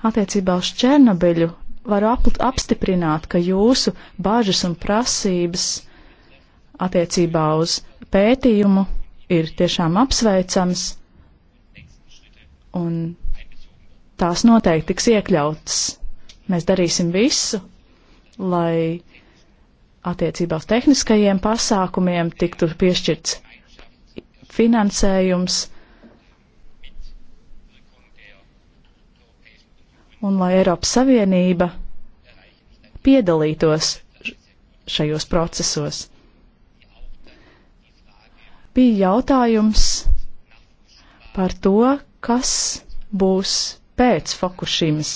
Attiecībā uz Černobiļu varu ap apstiprināt, ka jūsu bažas un prasības attiecībā uz pētījumu ir tiešām apsveicams un tās noteikti tiks iekļautas. Mēs darīsim visu, lai attiecībā uz tehniskajiem pasākumiem tiktu piešķirts finansējums un lai Eiropas Savienība piedalītos šajos procesos. Bija jautājums par to, kas būs pēc Fukushimas.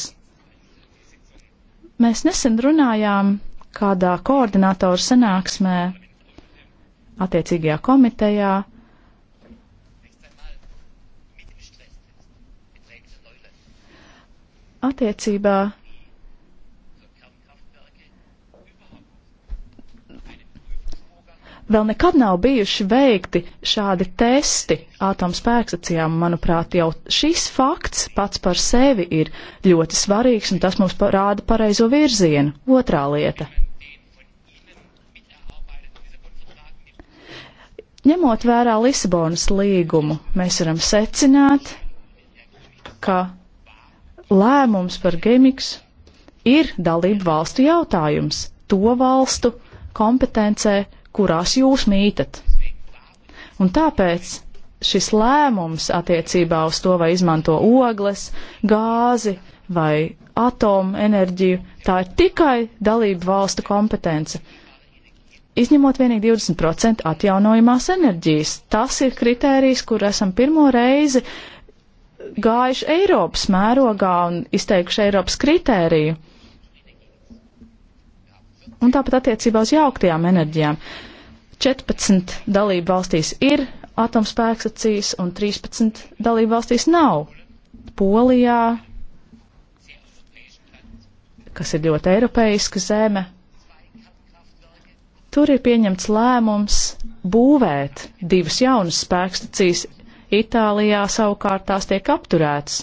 Mēs nesen runājām kādā koordinātoru sanāksmē attiecīgajā komitejā. Attiecībā Vēl nekad nav bijuši veikti šādi testi atomspēkstacijām. Manuprāt, jau šis fakts pats par sevi ir ļoti svarīgs, un tas mums parāda pareizo virzienu. Otrā lieta. Ņemot vērā Lisabonas līgumu, mēs varam secināt, ka lēmums par gemiks ir dalību valstu jautājums, to valstu kompetencē, kurās jūs mītat. Un tāpēc šis lēmums attiecībā uz to, vai izmanto ogles, gāzi vai atomu enerģiju, tā ir tikai dalību valstu kompetence. Izņemot vienīgi 20% atjaunojumās enerģijas. Tas ir kritērijs, kur esam pirmo reizi gājuši Eiropas mērogā un izteikuši Eiropas kritēriju. Un tāpat attiecībā uz jauktajām enerģijām. 14 dalību valstīs ir atomspēkstacijas un 13 dalību valstīs nav. Polijā, kas ir ļoti eiropeiska zeme, tur ir pieņemts lēmums būvēt divas jaunas spēkstacijas. Itālijā savukārt tās tiek apturētas.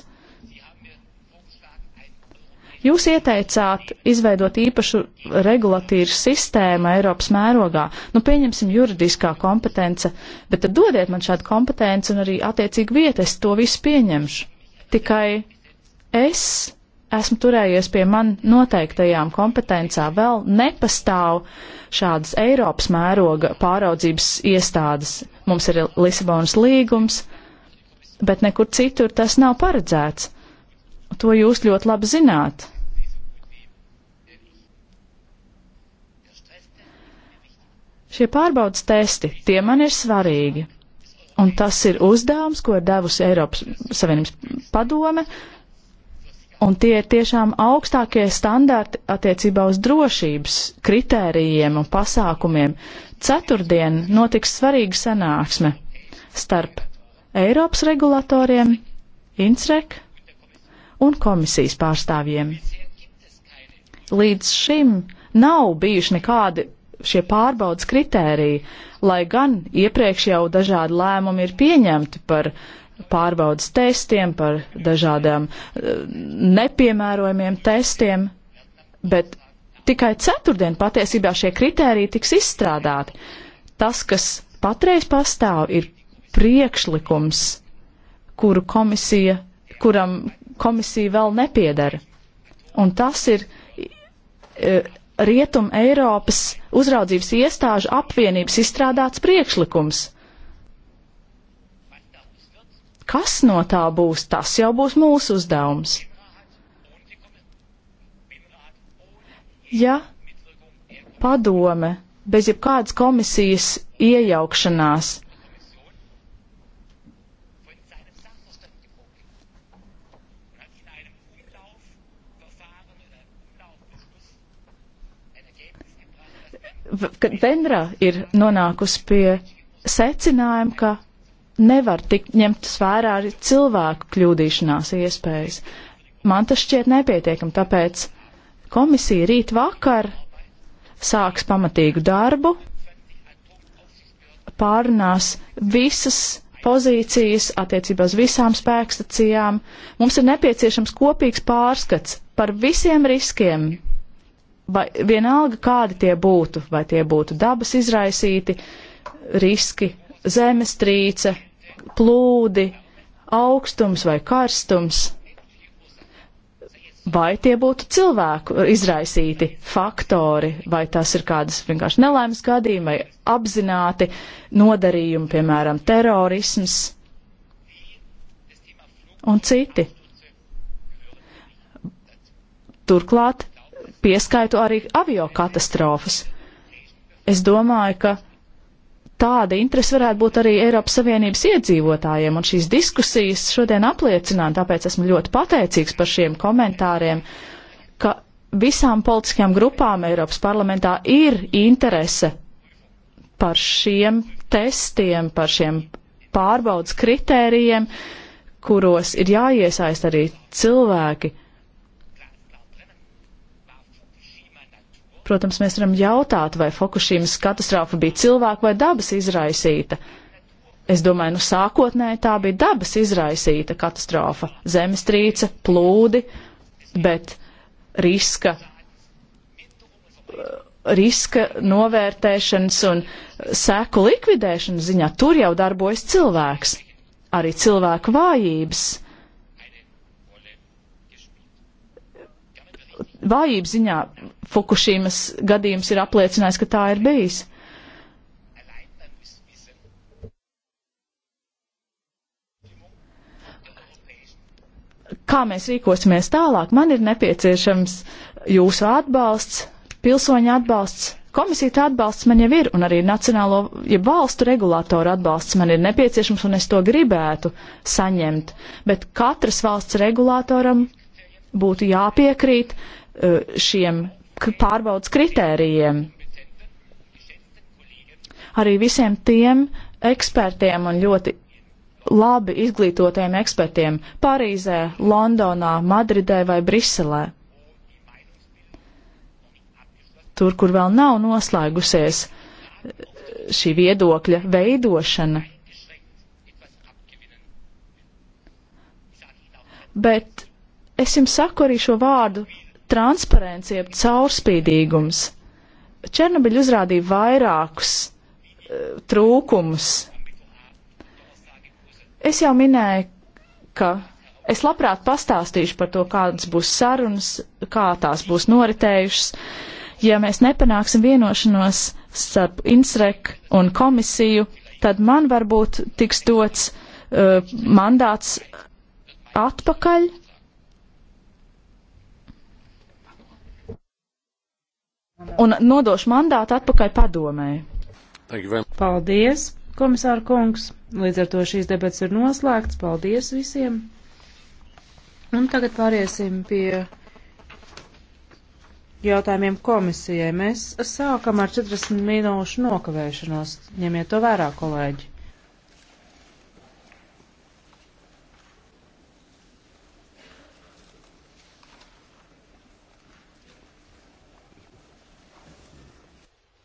Jūs ieteicāt izveidot īpašu regulatīru sistēmu Eiropas mērogā, nu pieņemsim juridiskā kompetence, bet tad dodiet man šādu kompetenci un arī attiecīgi vietu, es to visu pieņemšu. Tikai es esmu turējies pie man noteiktajām kompetencām, vēl nepastāv šādas Eiropas mēroga pāraudzības iestādes. Mums ir Lisabonas līgums, bet nekur citur tas nav paredzēts. To jūs ļoti labi zināt. Šie pārbaudas testi, tie man ir svarīgi. Un tas ir uzdevums, ko ir devusi Eiropas Savienības padome, un tie ir tiešām augstākie standarti attiecībā uz drošības kritērijiem un pasākumiem. Ceturtdien notiks svarīga sanāksme starp Eiropas regulatoriem, INSREK un komisijas pārstāvjiem. Līdz šim nav bijuši nekādi šie pārbaudas kritēriji, lai gan iepriekš jau dažādi lēmumi ir pieņemti par pārbaudas testiem, par dažādām eh, nepiemērojumiem testiem, bet tikai ceturtdien patiesībā šie kritēriji tiks izstrādāti. Tas, kas patreiz pastāv, ir priekšlikums, kuru komisija, kuram komisija vēl nepiedara. Un tas ir eh, Rietum Eiropas uzraudzības iestāžu apvienības izstrādāts priekšlikums. Kas no tā būs, tas jau būs mūsu uzdevums. Ja padome bez jebkādas komisijas iejaukšanās kad Venra ir nonākusi pie secinājuma, ka nevar tikt ņemtas vērā arī cilvēku kļūdīšanās iespējas. Man tas šķiet nepietiekam, tāpēc komisija rīt vakar sāks pamatīgu darbu, pārunās visas pozīcijas attiecībā uz visām spēkstacijām. Mums ir nepieciešams kopīgs pārskats par visiem riskiem, vai vienalga kādi tie būtu, vai tie būtu dabas izraisīti riski, zemestrīce, plūdi, augstums vai karstums, vai tie būtu cilvēku izraisīti faktori, vai tas ir kādas vienkārši nelaimes gadījumi, vai apzināti nodarījumi, piemēram, terorisms un citi. Turklāt pieskaitu arī avio katastrofas. Es domāju, ka tāda interese varētu būt arī Eiropas Savienības iedzīvotājiem, un šīs diskusijas šodien apliecina, tāpēc esmu ļoti pateicīgs par šiem komentāriem, ka visām politiskajām grupām Eiropas parlamentā ir interese par šiem testiem, par šiem pārbaudas kritērijiem, kuros ir jāiesaist arī cilvēki Protams, mēs varam jautāt, vai Fukushimas katastrofa bija cilvēka vai dabas izraisīta. Es domāju, nu sākotnēji tā bija dabas izraisīta katastrofa - zemestrīce, plūdi, bet riska, riska novērtēšanas un seku likvidēšanas ziņā tur jau darbojas cilvēks. Arī cilvēku vājības vājību ziņā Fukušīmas gadījums ir apliecinājis, ka tā ir bijis. Kā mēs rīkosimies tālāk? Man ir nepieciešams jūsu atbalsts, pilsoņu atbalsts, komisija atbalsts man jau ir, un arī nacionālo, ja valstu regulātoru atbalsts man ir nepieciešams, un es to gribētu saņemt. Bet katras valsts regulātoram būtu jāpiekrīt Eh, šiem pārbaudas kritērijiem. Arī visiem tiem ekspertiem un ļoti labi izglītotiem ekspertiem Parīzē, Londonā, Madridē vai Briselē. Tur, kur vēl nav noslēgusies eh, šī viedokļa veidošana. Bet es jums saku arī šo vārdu transparents, jeb caurspīdīgums. Černobiļa uzrādīja vairākus uh, trūkumus. Es jau minēju, ka es labprāt pastāstīšu par to, kādas būs sarunas, kā tās būs noritējušas. Ja mēs nepanāksim vienošanos starp Insrek un komisiju, tad man varbūt tiks dots uh, mandāts atpakaļ un nodošu mandātu atpakaļ padomēji. Paldies, komisāra kungs. Līdz ar to šīs debats ir noslēgts. Paldies visiem. Un tagad pāriesim pie jautājumiem komisijai. Mēs sākam ar 40 minūšu nokavēšanos. Ņemiet to vērā, kolēģi.